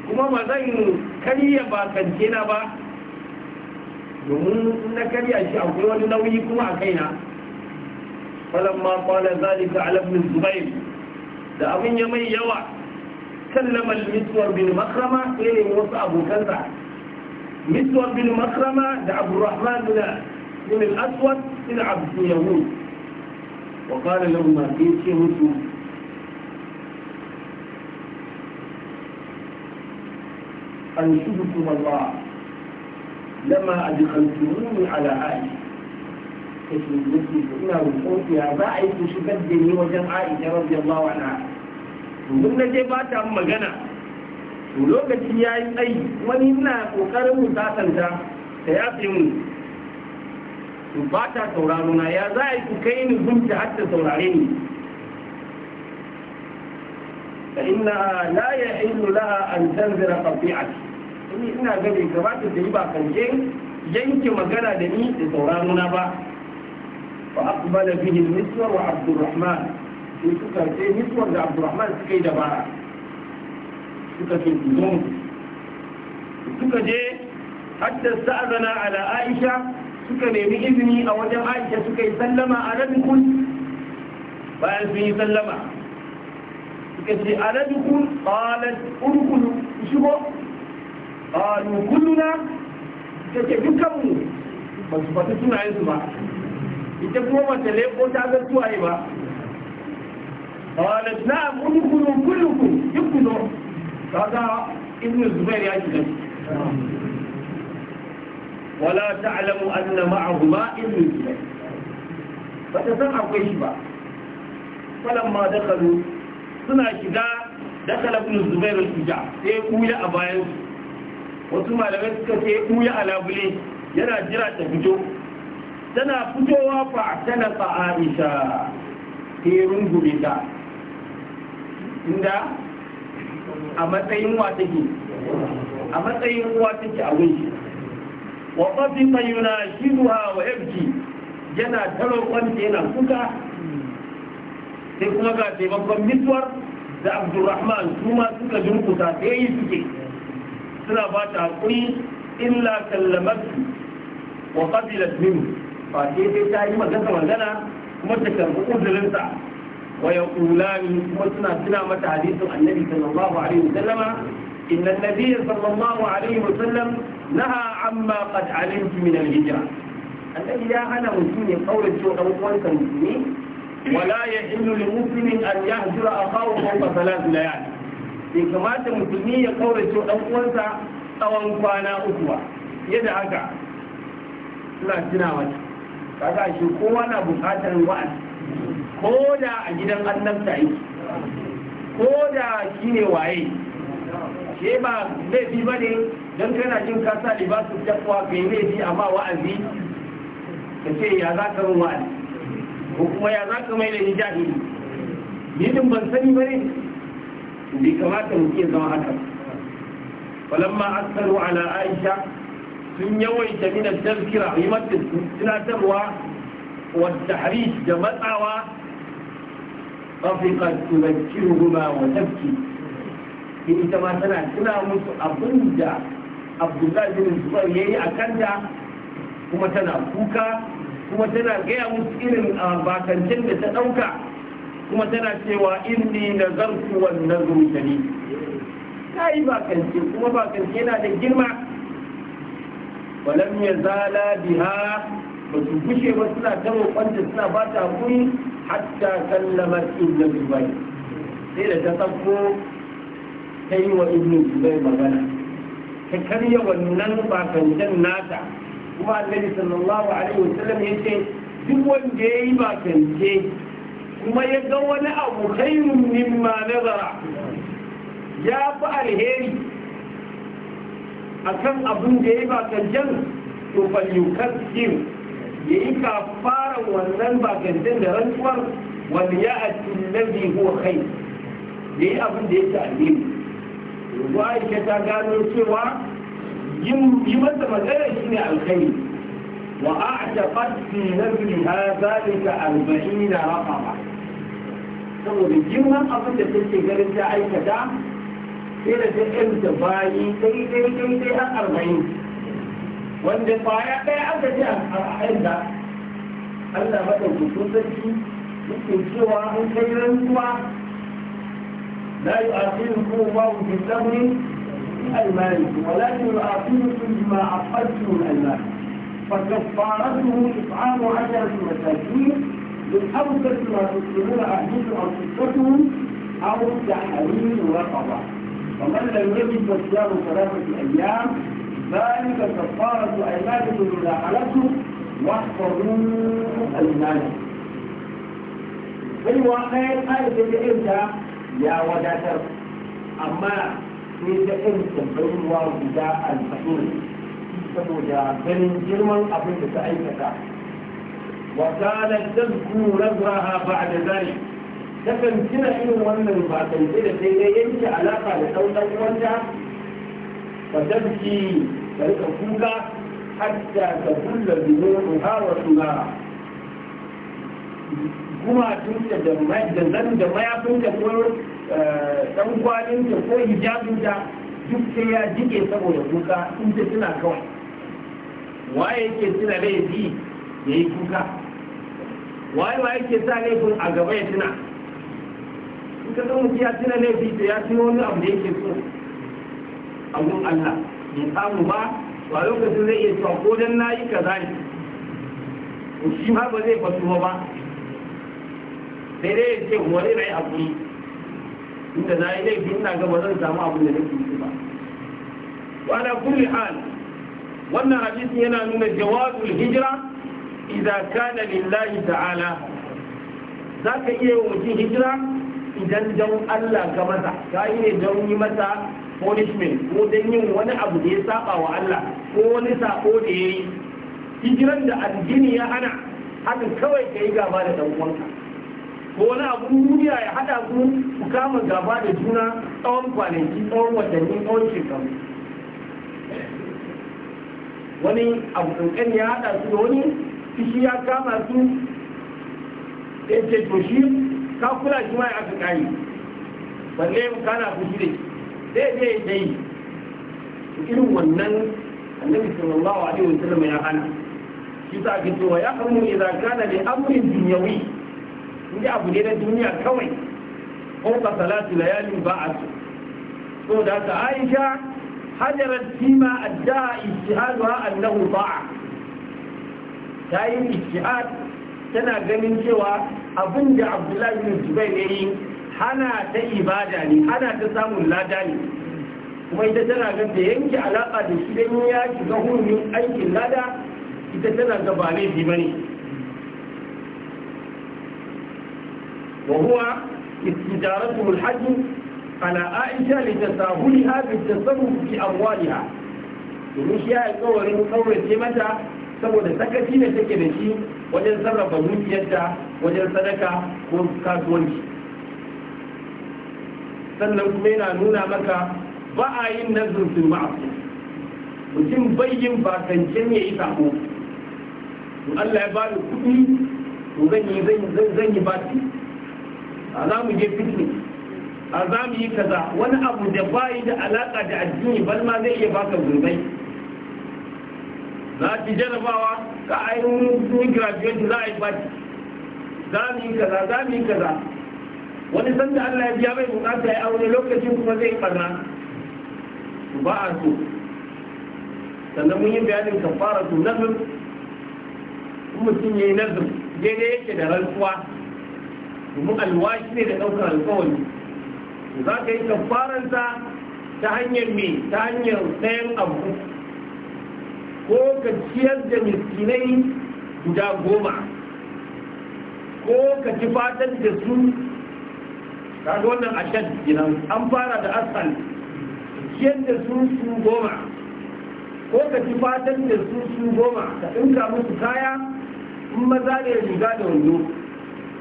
kuma ba zan karya bakance na ba domin na karya shi akwai wani nauyi kuma a kaina falamma qala zalika ala ibn zubayr da abin ya mai yawa sallama al-miswar bin makrama irin wasu abokansa miswar bin makrama da abdurrahman bin bin al-aswad bin abd yahud wa qala lahum ma fi mutu أن شبكم الله لما أدخلتموني على آي كثير المسجد إنا ونقول فيها باعث شبكني وجمعائك رضي الله عنها ومن نجيبات أم جنة ولوك تياي أي ومننا وقرموا ذاتا جا سيأتموني وباتا تورانونا يا ذائك كين هنت حتى توراريني فإنها لا يحل لها أن تنذر قطيعتي ni ina ga gabatar da yi ba kanje yanke magana da ni da sauraro na ba fa aqbala bihi al-miswar wa abdurrahman sai suka ce miswar da abdurrahman suka yi dabara suka ce ku zo suka je hatta sa'adana ala aisha suka nemi izini a wajen aisha suka yi sallama a rabikun bayan sun yi sallama suka ce a rabikun qalat udkhulu shigo qalu kulluna take dukkan mu ba su ba ita kuma mace leko ta ga suwaye ba qalat na'am udkhulu kullukum dukkan kaga ibn zubair ya shiga wala ta'lamu anna ma'ahuma ibn zubair bata san akwai shi ba falamma dakhalu suna shiga dakhala zubair al sai a bayansu. wasu malamai suka ce ɓuya a labule yana jira ta fito tana fitowa fa tana fa aisha ke rungume ta inda a matsayin wa take a matsayin uwa take a wuce wa shi zuwa wa yabki yana taroƙon yana kuka sai kuma ga taimakon mituwar da abdurrahman su ma suka jirkuta sai yi suke suna ba ta haƙuri illa kallamatu wa qabilat minhu fa sai dai ta yi magana magana kuma ta karɓi uzurinsa wa yaqulani kuma suna tuna mata hadisin annabi sallallahu alaihi wasallama inna an-nabiy sallallahu alaihi wasallam naha amma qad alimtu min al-hijra annabi ya hana mutum ya kaurace wa dan uwansa musulmi ولا يحل لمسلم ان يهجر اخاه فوق ثلاث ليال bai kamata musulmi ya kaurace dan uwansa tsawon kwana uku ba yadda haka suna wata. kaga shi kowa na bukatar wa'azi ko da a gidan annabta yi ko da shi ne waye ke ba laifi ba ne don kana jin kasa libasu takwa ka yi laifi amma wa'azi ka ce ya za ka min wa'azi ko kuma ya za ka mai da hijabi ni din ban sani ba ne bai kamata mu iya zama haka falamma asaru ala aisha sun yawaita min tazkira yi mata tunatarwa wa tahrish da matsawa rafiqat tubakkiruhuma wa tabki ita ma tana tuna musu abinda abdullahi bin zubair yayi a kanta kuma tana kuka kuma tana gaya musu irin ah, bakancin da ta ɗauka kuma tana cewa inni da zarfi wannan shadid kai ba kance kuma ba yana da girma walam yazala biha ba su gushe ba suna ta da suna ba ta hakuri hatta kallamar inda zubair sai da ta sako ta yi wa ibnu zubair magana ta karya wannan bakancan nata kuma annabi sallallahu alaihi wasallam ya ce duk wanda ya yi bakance kuma ya ga wani abu khairun mimma nazara ya fi alheri akan abin da ya ba kanjan to falyukassir ya yi kafaran wannan ba kanjan da rantsuwar wani ya ake nabi huwa kai da yi abin da ya ta alheri Ruwa aisha ta gano cewa yi masa magana shine alkhairi wa a ta fasi na zuri ha zalika arba'in na saboda girman abin da take garin ta aikata sai da ta yanta bayi dai dai dai dai har arba'in wanda kwaya ɗaya aka ji a yanta Allah madaukakin sarki yake cewa in kai rantsuwa لا يؤاخذكم الله باللغو أيمانكم ولكن يؤاخذكم بما عقدتم الأيمان فكفارته إطعام عشرة مساكين من أوسط ما تسلمون أهلكم أنفسكم أو تحرير رقبة ومن لم يجد فصيام ثلاثة أيام ذلك كفارة أيمانكم إذا حلفتم واحفظوا أيمانكم baiwa ɗaya ƙari da ta ya wadatar amma sai da ta baiwa guda alfahim saboda ganin girman abin da ta aikata وكانت تذكر نظرها بعد ذلك takan tuna irin wannan bakance da sai dai yanke alaka da sauran uwanta fa tabki ta rika kuka hatta ta kulla zunubuha wa sunaha kuma tunta da zan da mayafinta ko dan kwalinta ko hijabinta duk sai ya jike saboda kuka in ta kawai waye yake tuna laifi yayi kuka waye ma yake sa laifin a gaba ya tuna in ka san mutum ya tuna laifi to ya tuna wani abu da yake so a gun Allah bai samu ba ba lokacin zai iya cewa ko dan nayi kaza ne to shi ma ba zai fasu ba sai dai ya ce wani rai hakuri inda na yi laifi ina gaba zan samu abin da nake yi ba wa na kulli hal wannan hadisin yana nuna jawazul hijira ka kana lillahi ta'ala zaka iya mutum hijira idan don Allah ka masa ka yi ne don yi masa punishment ko don yin wani abu da ya saba wa Allah ko wani sako da ya yi hijiran da addini ya hana haka kawai ka yi gaba da dan ko wani abu ya hada ku ku kama gaba da juna tsawon kwanaki tsawon watanni tsawon wani abu kankan ya haɗa su da kishi ya kama su ya ce to shi ka kula shi ma ya aka kayi balle mu kana fushi da sai zai ya yi irin wannan annabi sallallahu alaihi wasallam ya hana shi sa ake cewa ya kamu idan kana da amurin dunyawi inda abu ne na duniya kawai ko ka salatu layalin ba'a so da ta aisha a fima adda'a ijtihaduha annahu ba'a ta yi tana ganin cewa abin da abdullahi bin zubai ya yi hana ta ibada ne hana ta samun lada ne kuma ita tana ga da yanke alaƙa da shi don ya shiga hurumin aikin lada ita tana ga ba laifi ba ne wa ala aisha li tasahuli ha bi tasarruf fi domin shi ya alƙawarin mata saboda sakaci ne take da shi wajen sarrafa mutiyarta wajen sadaka ko kasuwanci sannan kuma yana nuna maka ba a yin nazarin su ba mutum bayyin bakancen ya yi sako Allah ya bani kuɗi to zan yi zan yi baki a za mu je picnic a za mu yi kaza wani abu da bayi da alaƙa da addini balma zai iya baka gurbai za ki jarabawa ka ainihin graduate za a yi baki za mu yi kaza za mu yi kaza wani sanda Allah ya biya mai bukata ya aure lokacin kuma zai barna ba a so sannan mun yi bayanin fara to nazar mutum ya yi nazar daidai yake da rantsuwa domin alwashi ne da ɗaukar alkawari za ka yi kafaranta ta hanyar me ta hanyar sayan abu ko ka ciyar da miskinai guda goma ko ka ci fatan da su kaga wannan ashad kenan an fara da asal ciyar da su su goma ko ka ci fatan da su su goma ka ɗinka musu kaya in maza ne riga da wando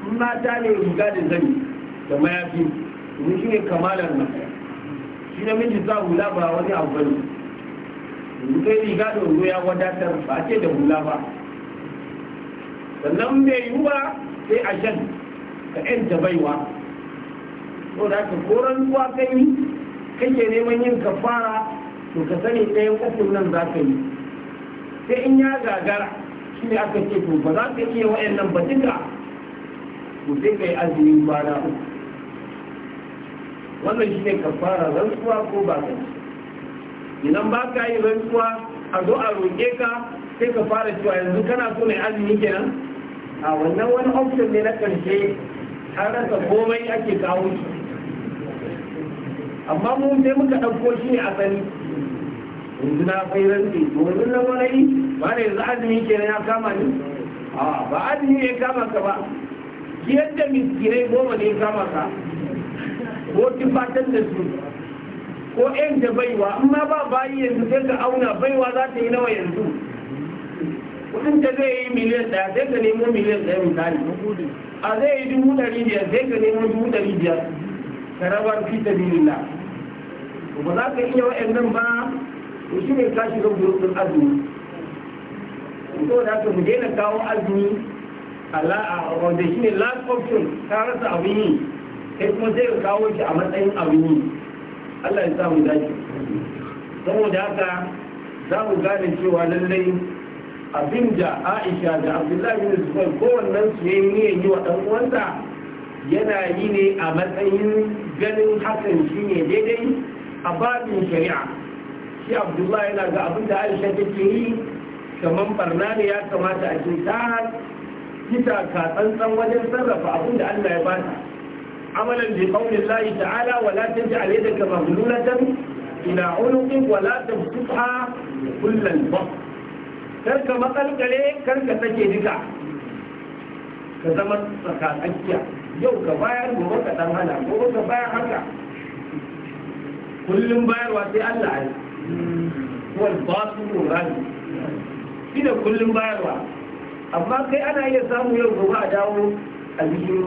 in mata ne riga da zani da mayafi domin shi ne kamalar mata shi namiji za hula ba wani abu bane kai riga da wando ya wadatar ba ce da hula ba sannan mai yiwuwa sai a shan ka yanta baiwa ko da ka koran ruwa kai kake neman yin kafara to ka sani ɗayan ukun nan za ka yi sai in ya gagara shi ne aka ce to ba za ka iya wa'annan ba duka to sai ka yi azumin kwana uku wannan shi ne kafara rantsuwa ko ba ka yi. idan ba ka yi rantsuwa a zo a roƙe ka sai ka fara cewa yanzu kana so ne azumi kenan a wannan wani option ne na ƙarshe har rasa komai ake kawo shi amma mu sai muka ɗauko shi ne a sani. yanzu na fai rantsi domin na wani ba ne yanzu azumi kenan ya kama ni a ba azumi ya kama ka ba yadda miskinai goma ne ya kama ka ko tifatan da su ko ƴan da baiwa in ma ba bayi yanzu sai ka auna baiwa za ta yi nawa yanzu kudin ta zai yi miliyan daya sai ka nemo miliyan daya misali a zai yi dubu dari biyar sai ka nemo dubu dari biyar ka rabar fi ta bilila ba za ka iya wa'annan ba to shi ne kashi ga gurbin azumi to da ka mu daina kawo azumi a wanda shi ne last option ka rasa abin yi kai kuma zai kawo shi a matsayin abin yi Allah ya sa mu dace saboda haka za mu gane cewa lallai abin da Aisha da Abdullahi bin Zubair kowannen su yayi niyyar yi wa ɗan uwansa yana yi ne a matsayin ganin hakan shine daidai a babin shari'a shi Abdullahi yana ga abin da Aisha take yi kamar barna ne ya kamata a ce ta kita ka tsantsan wajen sarrafa abin da Allah ya bata عملا بقول الله تعالى ولا تجعل يدك مغلولة إلى عنقك ولا تبسطها كل البسط كرك مقل كلي كرك تجي دكا كزمن سكان أجيا يو كباير وبك تنهلا وبك باير حكا كل باير واتي الله هو الباطل الغني إذا كل باير واتي amma kai ana iya samu yau gobe a dawo a bikin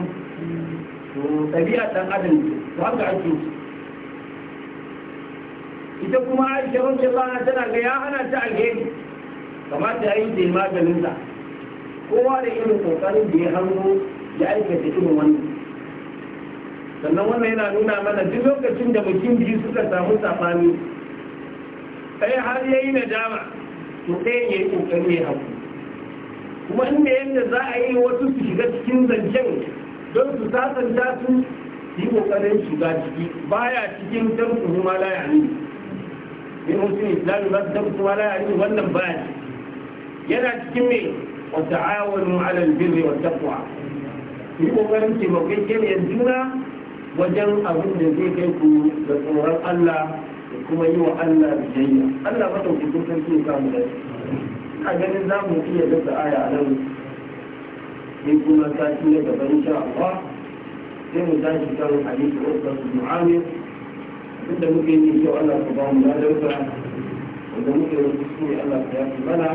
to ɗabi'a ɗan adam to haka ake ita kuma aisha rabbi Allah tana ga ya hana ta alheri Kamar ta yi da maganin sa kowa da irin kokarin da ya hango ya aikata irin wannan sannan wannan yana nuna mana duk lokacin da mutum biyu suka samu safani ɗaya har ya yi nadama to ɗaya ya yi kokarin ya hango kuma inda yadda za a yi wasu su shiga cikin zancen don su sasanta su yi kokarin shiga ciki baya cikin tarkuhu kuma la mun in mutum islami ba su tarkuhu ma la ni wannan baya yana cikin mai wa ta'awanu ala albirri wa taqwa yi kokarin kai kene juna wajen abin da zai kai ku da tsoron Allah da kuma yi wa Allah biyayya Allah madaukakin sarki ya samu da a ganin za mu iya dasa aya a nan من كما كان سنه شاء الله في مزاج كان الحديث اسره بن عامر انت ممكن ان شاء الله تضعهم لا دفع ممكن ان تسكني الا الملا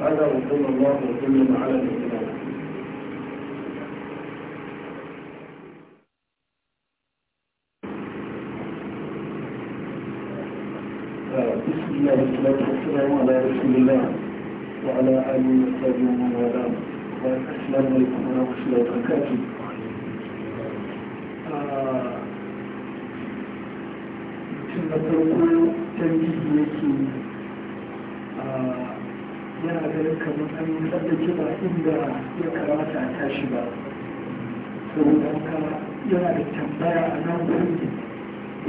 هذا وصلى الله وسلم على الاهتمام بسم الله الرحمن الرحيم وعلى رسول الله وعلى آله وصحبه وسلم السلام عليكم ورحمة الله وبركاته mutum na farko tambihi yake yana ganin kamar an yi tsallake ba inda ya kamata a tashi ba saboda haka yana da tambaya a nan wuri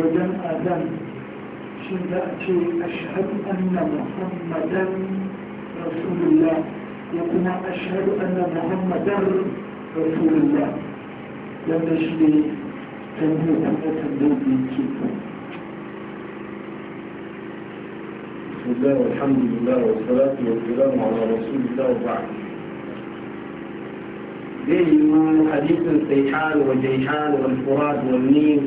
wajen azan shin za a ce ashhadu anna muhammadan rasulullah يقول أشهد أن محمدا رسول الله لم شبه تنهيد أن تنهيد كيف بسم الله والحمد لله والصلاة والسلام على رسول الله وبعد دائما حديث السيحان والجيحان والفرات والنيل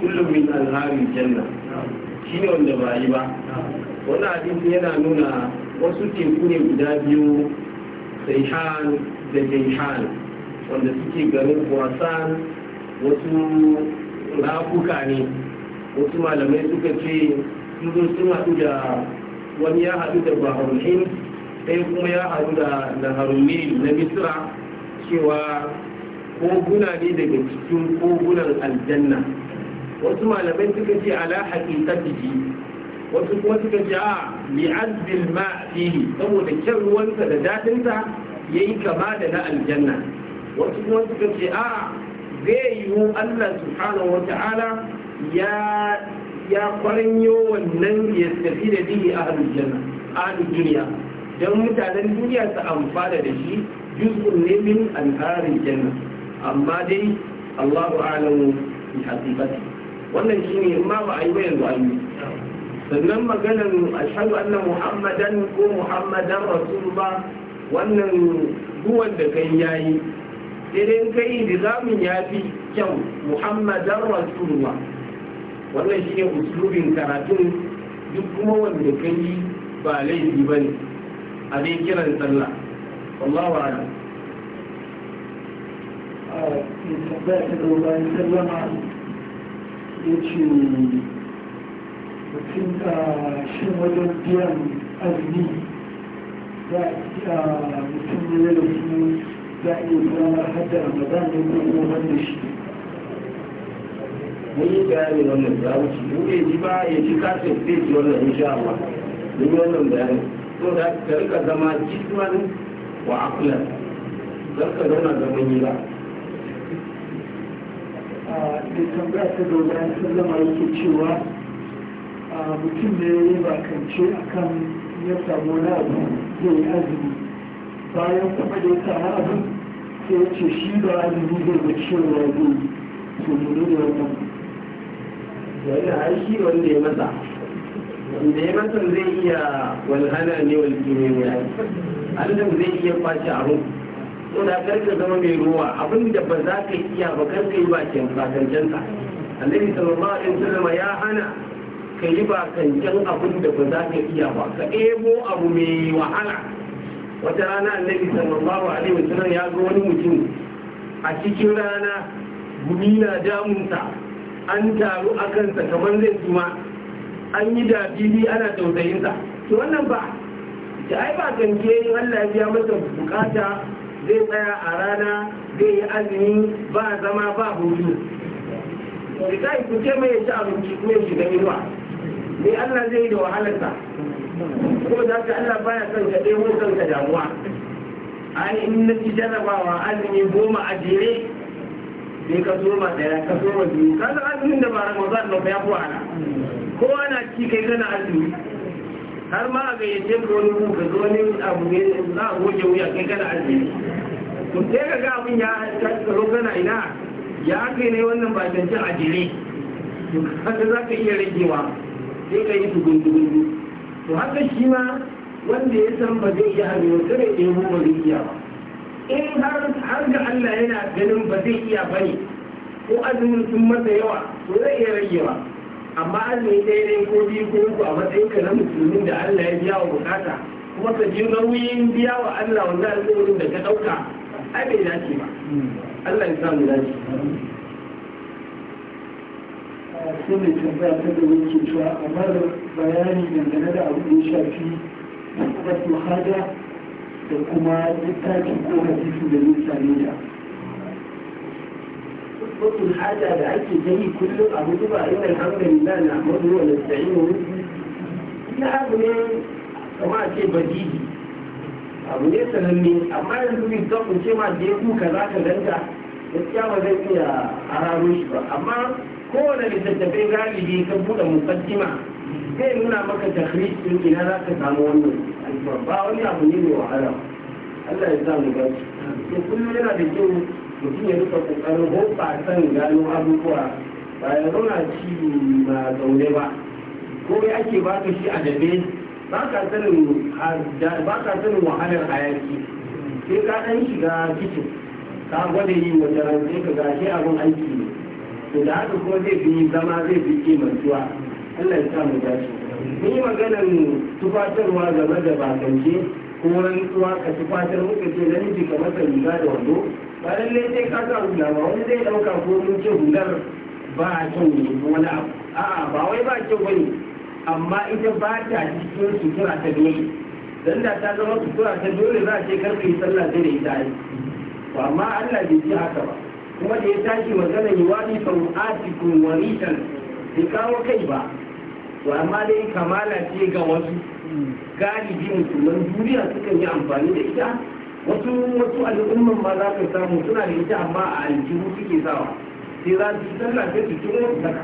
كل من أنهار الجنة شنو اللي غايبة؟ wannan hadisi yana nuna wasu teku ne guda biyu Saihan da jaihan wanda suke garin wasan wasu rafuka ne wasu malamai suka ce zo sun haɗu da wani ya haɗu da baharul sai kuma ya haɗu da naharul na misra cewa koguna ne daga cikin kogunan aljanna wasu malamai suka ce ala haƙiƙa jiki wasu kuma suka ce a ah, li'azzil ma fihi saboda kyan ruwansa da daɗinta ya yi kama da na aljanna wasu kuma suka ce a ah, zai yiwu allah subhanahu wa ta'ala ya ya kwaranyo wannan ya tafi da dihi a aljanna a duniya don mutanen duniya su amfana da shi juz'un ne min al'arin janna amma dai allahu alamu bi hakikati wannan shine ma ba a yi ba yanzu an yi sannan maganar ashadu anna muhammadan ko muhammadan rasulullah wannan duwan da kai yayi sai dai kai nizamin ya fi kyau muhammadan rasulullah wannan shi ne uslubin karatun duk kuma wanda kai ba laifi ba ne a dai kiran sallah wallahu a'lam a ah, tambaya ta gaba bayan sallama ya ce Uh, shin wajen biyan azumi za a uh, mutum ne da su za a iya gudanar hadda ramadan ne ko kuma wanda shi mun yi bayani wannan ya wuce Mu bai ji ba ya ji kafin zai ji wannan insha Allah mun yi wannan bayanin to da ka rika zama jismanin wa akulan zan ka zauna zaman yi ba a da tambaya ta dogon sallama yake cewa mutum ne ya bakance a kan ya samu wani abu zai yi azumi bayan kuma da ya samu abin sai ya ce shi ba azumi zai ga cewa zai su nuna da wannan wani aiki wanda ya masa wanda ya masa zai iya walhana ne walkine ne adam zai iya kwace a abin ko da karka zama mai ruwa abin da ba za ka iya ba karka yi ba bakin fatancensa annabi sallallahu alaihi wasallam ya hana ka yi ba kankan abin da ba za ka iya ba ka ebo abu mai wahala wata rana annabi sallallahu alaihi wasallam ya ga wani mutum a cikin rana gumi na damunsa an taru a kansa kamar zai suma an yi dafili ana tausayinsa to wannan ba da ai ba kanke in Allah ya biya masa bukata zai tsaya a rana zai yi azumi ba zama ba hutu da kai ku ce mai ya ci abinci kuma ya shiga inuwa sai Allah zai yi da wahalarsa kuma za ka Allah baya son ka ɗebo kanka damuwa ai in na ci jarabawa azumi goma a jere sai ka soma ɗaya ka soma biyu ka san azumin da ba ramadan ba ya wahala kowa na ci kai kana azumi har ma a gayyace ka wani ku ka zo wani abu ne za a goge wuya kai kana azumi to sai ka ga abin ya tsaro kana ina ya kai ne wannan ba cancan a jere to za ka iya ragewa sai ka yi tukun to haka shi ma wanda ya san ba zai iya arewa kada ya ba zai iya ba in har ga Allah yana ganin ba zai iya ba ne ko azumin sun masa yawa to zai iya ragewa amma azumi ɗaya ne ko biyu ko uku a matsayin ka na musulmin da Allah ya biya wa bukata kuma ka ji nauyin biya wa Allah wanda alƙawarin da ka ɗauka ai bai dace ba hmm. Allah ya samu dace sai mai tambaya ta da yake cewa a mara bayani dangane da abu da ya shafi wasu hada da kuma littafin ko hadisi da zai same da wasu hada da ake gani kullum a hudu ba inda alhamdulillah na amadu wa nasta'inu na abu ne kama a ce badidi abu ne sananne amma yanzu bin kan ce ma da ya kuka za ka ganta gaskiya ba zai iya hararo shi ba amma kowane littattafai galibi ka buɗe mukaddima zai nuna maka takhrijin ina za ka samu wannan ba wani abu ne mai wahala Allah ya samu gaci to kullum yana da kyau mutum ya rufe kokarin hoɓa san gano abubuwa ba ya zauna ci ba zaune ba ko ya ake ka shi a dabe ba ka sanin wahalar hayaki sai ka ɗan shiga kicin ka gwada yi wajen sai ka gashi abin aiki ne to da haka kuma zai fi zama zai fi kimantuwa Allah ya samu dace mun yi maganar tufatarwa game da bakance ko tuwa ka tufatar muka ce namiji ka riga da wando ba lallai sai ka sa hula ba wani zai ɗauka ko mun ce hular ba kyau ne wani abu a'a ba wai ba kyau bane amma ita ba ta cikin sutura ta dole dan da ta zama sutura ta dole za a ce karfe sallah sai da ita ai amma Allah bai ji haka ba kuma da ya tashi magana yi wani sau'ati kun waritan kawo kai ba to amma dai kamala ce ga wasu galibi musulman duniya sukan yi amfani da ita wasu wasu al'umman ma za ka samu suna da ita amma a aljihu suke sawa sai za su sallah sai su kiro zaka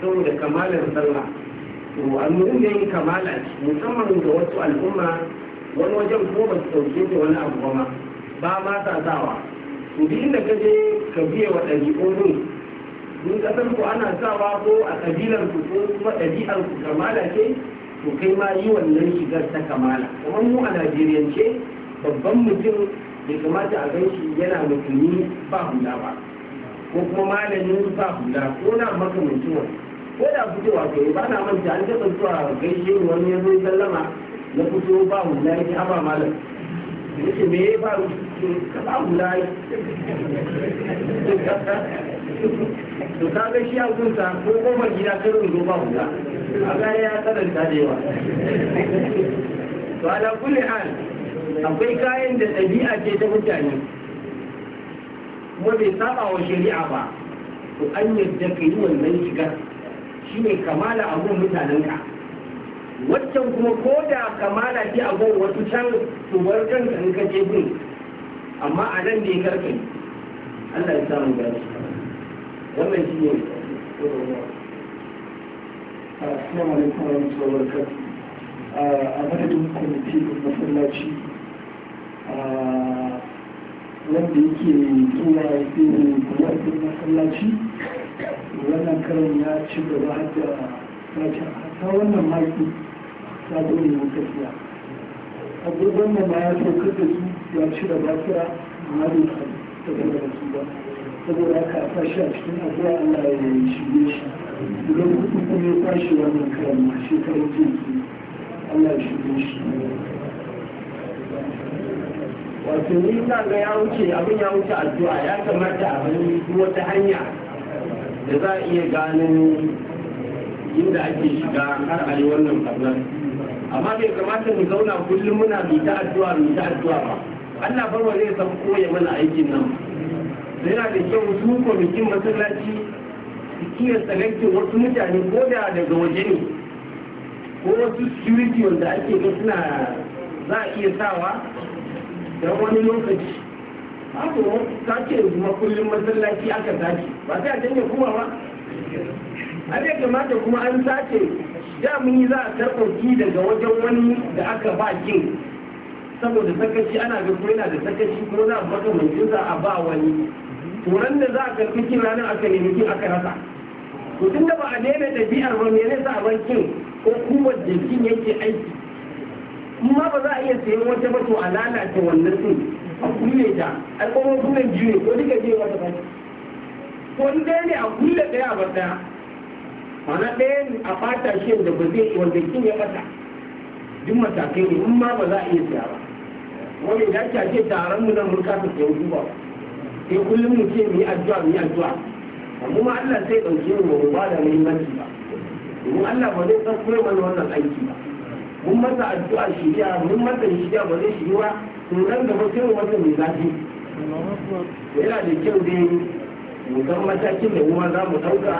saboda kamalar sallah to al'umma ne kamala ce musamman ga wasu al'umma wani wajen ko ba su dauke da wani abu ba ma ba ma sa sawa to da ka je ka biya wa ɗabi'o'in in ƙasar ku ana sawa ko a ƙabilar ku ko kuma ɗabi'ar ku kamala ce to kai ma yi wannan shigar ta kamala kamar mu a najeriyance babban mutum da kamata a gan shi yana mutumi ba hula ba ko kuma malamin ba hula ko na maka mutuwa ko da fitowa kai ba na manta an taɓa zuwa gaishe wani ya zo sallama na fito ba hula ya ce ba malam ya ce me ya ka to ka ga shi abunsa ko goma gida karin zo ba hula a ga ya karanta da yawa to ala kulli hal akwai kayan da ɗabi'a ke ta mutane kuma bai saba wa shari'a ba to an yadda ka yi wannan shigar ne kamala mutanen mutanenka waccan kuma ko da kamala ce gun wasu can to bar kan in bin amma a nan da ya karfe Allah ya samu gani wannan shi ne assalamu alaikum wa rahmatullahi wa barakatuh a madadin kwamiti da masallaci wanda yake tura ya fi kwamitin masallaci wannan karin ya ci gaba da sace ta wannan maki ta zo ne mutafiya abubuwan da ma ya saukar da su ya ci da lafiya amma bai ta gaba da su ba saboda haka a tashi a cikin addu'a Allah ya yi shige shi idan kuɗin kuma ya tashi wannan karan ma shekarar jin Allah ya shige shi wato ni ina ga ya wuce abin ya wuce addu'a ya kamata a bani wata hanya da za a iya ganin inda ake shiga har a yi wannan karnar amma bai kamata mu zauna kullum muna mita addu'a mita addu'a ba Allah barwa zai san koya mana aikin nan da yana da kyau su kwamitin masallaci su kiyar salaktin wasu mutane ko da daga waje ne ko wasu security wanda ake ga suna za a iya sawa don wani lokaci haka ta ce kuma kullum masallaci aka sace ba sai a canja kuma ba a zai kamata kuma an sace da mun yi za a karɓar daga wajen wani da aka ba kin saboda sakaci ana ga kuma yana da sakaci ko na makamancin za a ba wani turan da za a karɓi kin ranar aka nemi aka rasa to tun da ba a daina ɗabi'ar ba me ne za a bankin ko kuma da kin yake aiki kuma ba za a iya sayan wata ba to a lalace wannan sun a kulle ta a kuma biyu ne ko duka je wata ba ko in ɗaya ne a kulle ɗaya a bar ɗaya mana ɗaya a fata shi da ba zai wanda kin ya ɓata duk matakai ne in ma ba za a iya siya ba wani da ake ake taron mu nan mun ta ke ba ke kullum mu ce mu yi addu'a mu yi addu'a amma ma Allah sai dauke mu mu ba da muhimmanci ba domin Allah ba zai san kuma mana wannan aiki ba mun masa addu'a shiriya mun masa shiriya ba zai shiriwa to nan gaba sai mu masa mai zafi yana da kyau dai mu san matakin da kuma za mu dauka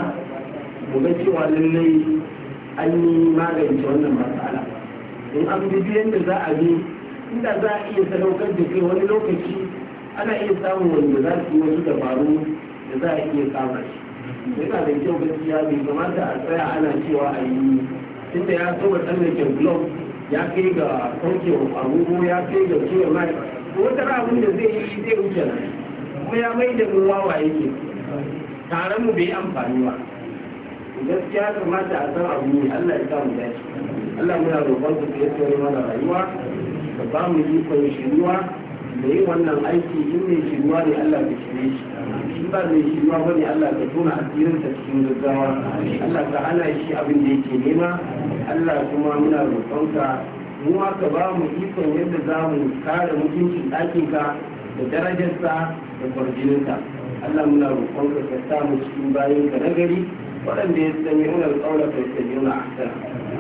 mu ga cewa lallai an yi magance wannan matsala in an bi yadda za a bi inda za a iya sadaukar da kai wani lokaci ana iya samun wanda za su yi wasu dabaru da za a iya kama shi yana da kyau gaskiya bai kamata a tsaya ana cewa a yi da ya saba tsallake blog ya kai ga kauce wa agogo ya kai ga cewa mai wata abin da zai yi zai wuce na kuma ya mai da mu wa yake tare mu bai amfani ba gaskiya kamata a san abu ne Allah ya samu dace Allah muna roƙon ku ya tsare mana rayuwa ka ba mu ikon shiriwa da yi wannan aiki in mai ne Allah ka shirye shi shi ba mai shiriwa ba ne Allah ka tona asirinsa cikin gaggawa Allah ka ana shi abin da yake nema Allah kuma muna roƙonka mu ma ka ba mu ikon yadda za mu kare mutuncin ɗakinka da darajarsa da kwarjininsa Allah muna roƙonka ka sa mu cikin bayan ka nagari waɗanda ya sami unar ƙaunar kai ta biyu a ahsan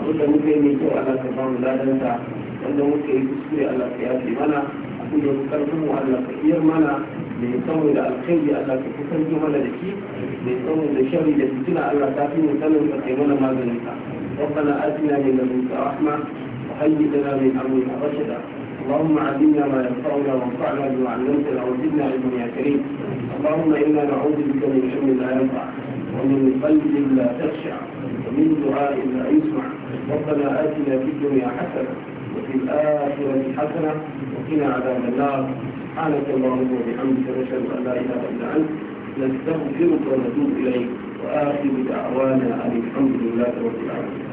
abinda muka mai kyau Allah ka ba mu ladanta wanda muke yi kuskure Allah ka yafe mana abin da muka karfin mu Allah ka iya mana mai samu da alkhairi Allah ka kusanci mana da shi mai samu da shari da fitina Allah ta fi mu sanin ka kai mana maganin ka ربنا آتنا من لدنك رحمة وهيئ لنا من أمرنا رشدا اللهم علمنا ما ينفعنا وانفعنا بما علمتنا وزدنا علما يا كريم اللهم انا نعوذ بك من علم لا ينفع ومن قلب لا تخشع ومن دعاء لا يسمع ربنا اتنا في الدنيا حسنه في الآخرة حسنة وقنا عذاب النار سبحانك اللهم وبحمدك نشهد أن لا إله إلا أنت نستغفرك ونتوب إليك وآخر دعوانا أن الحمد لله رب العالمين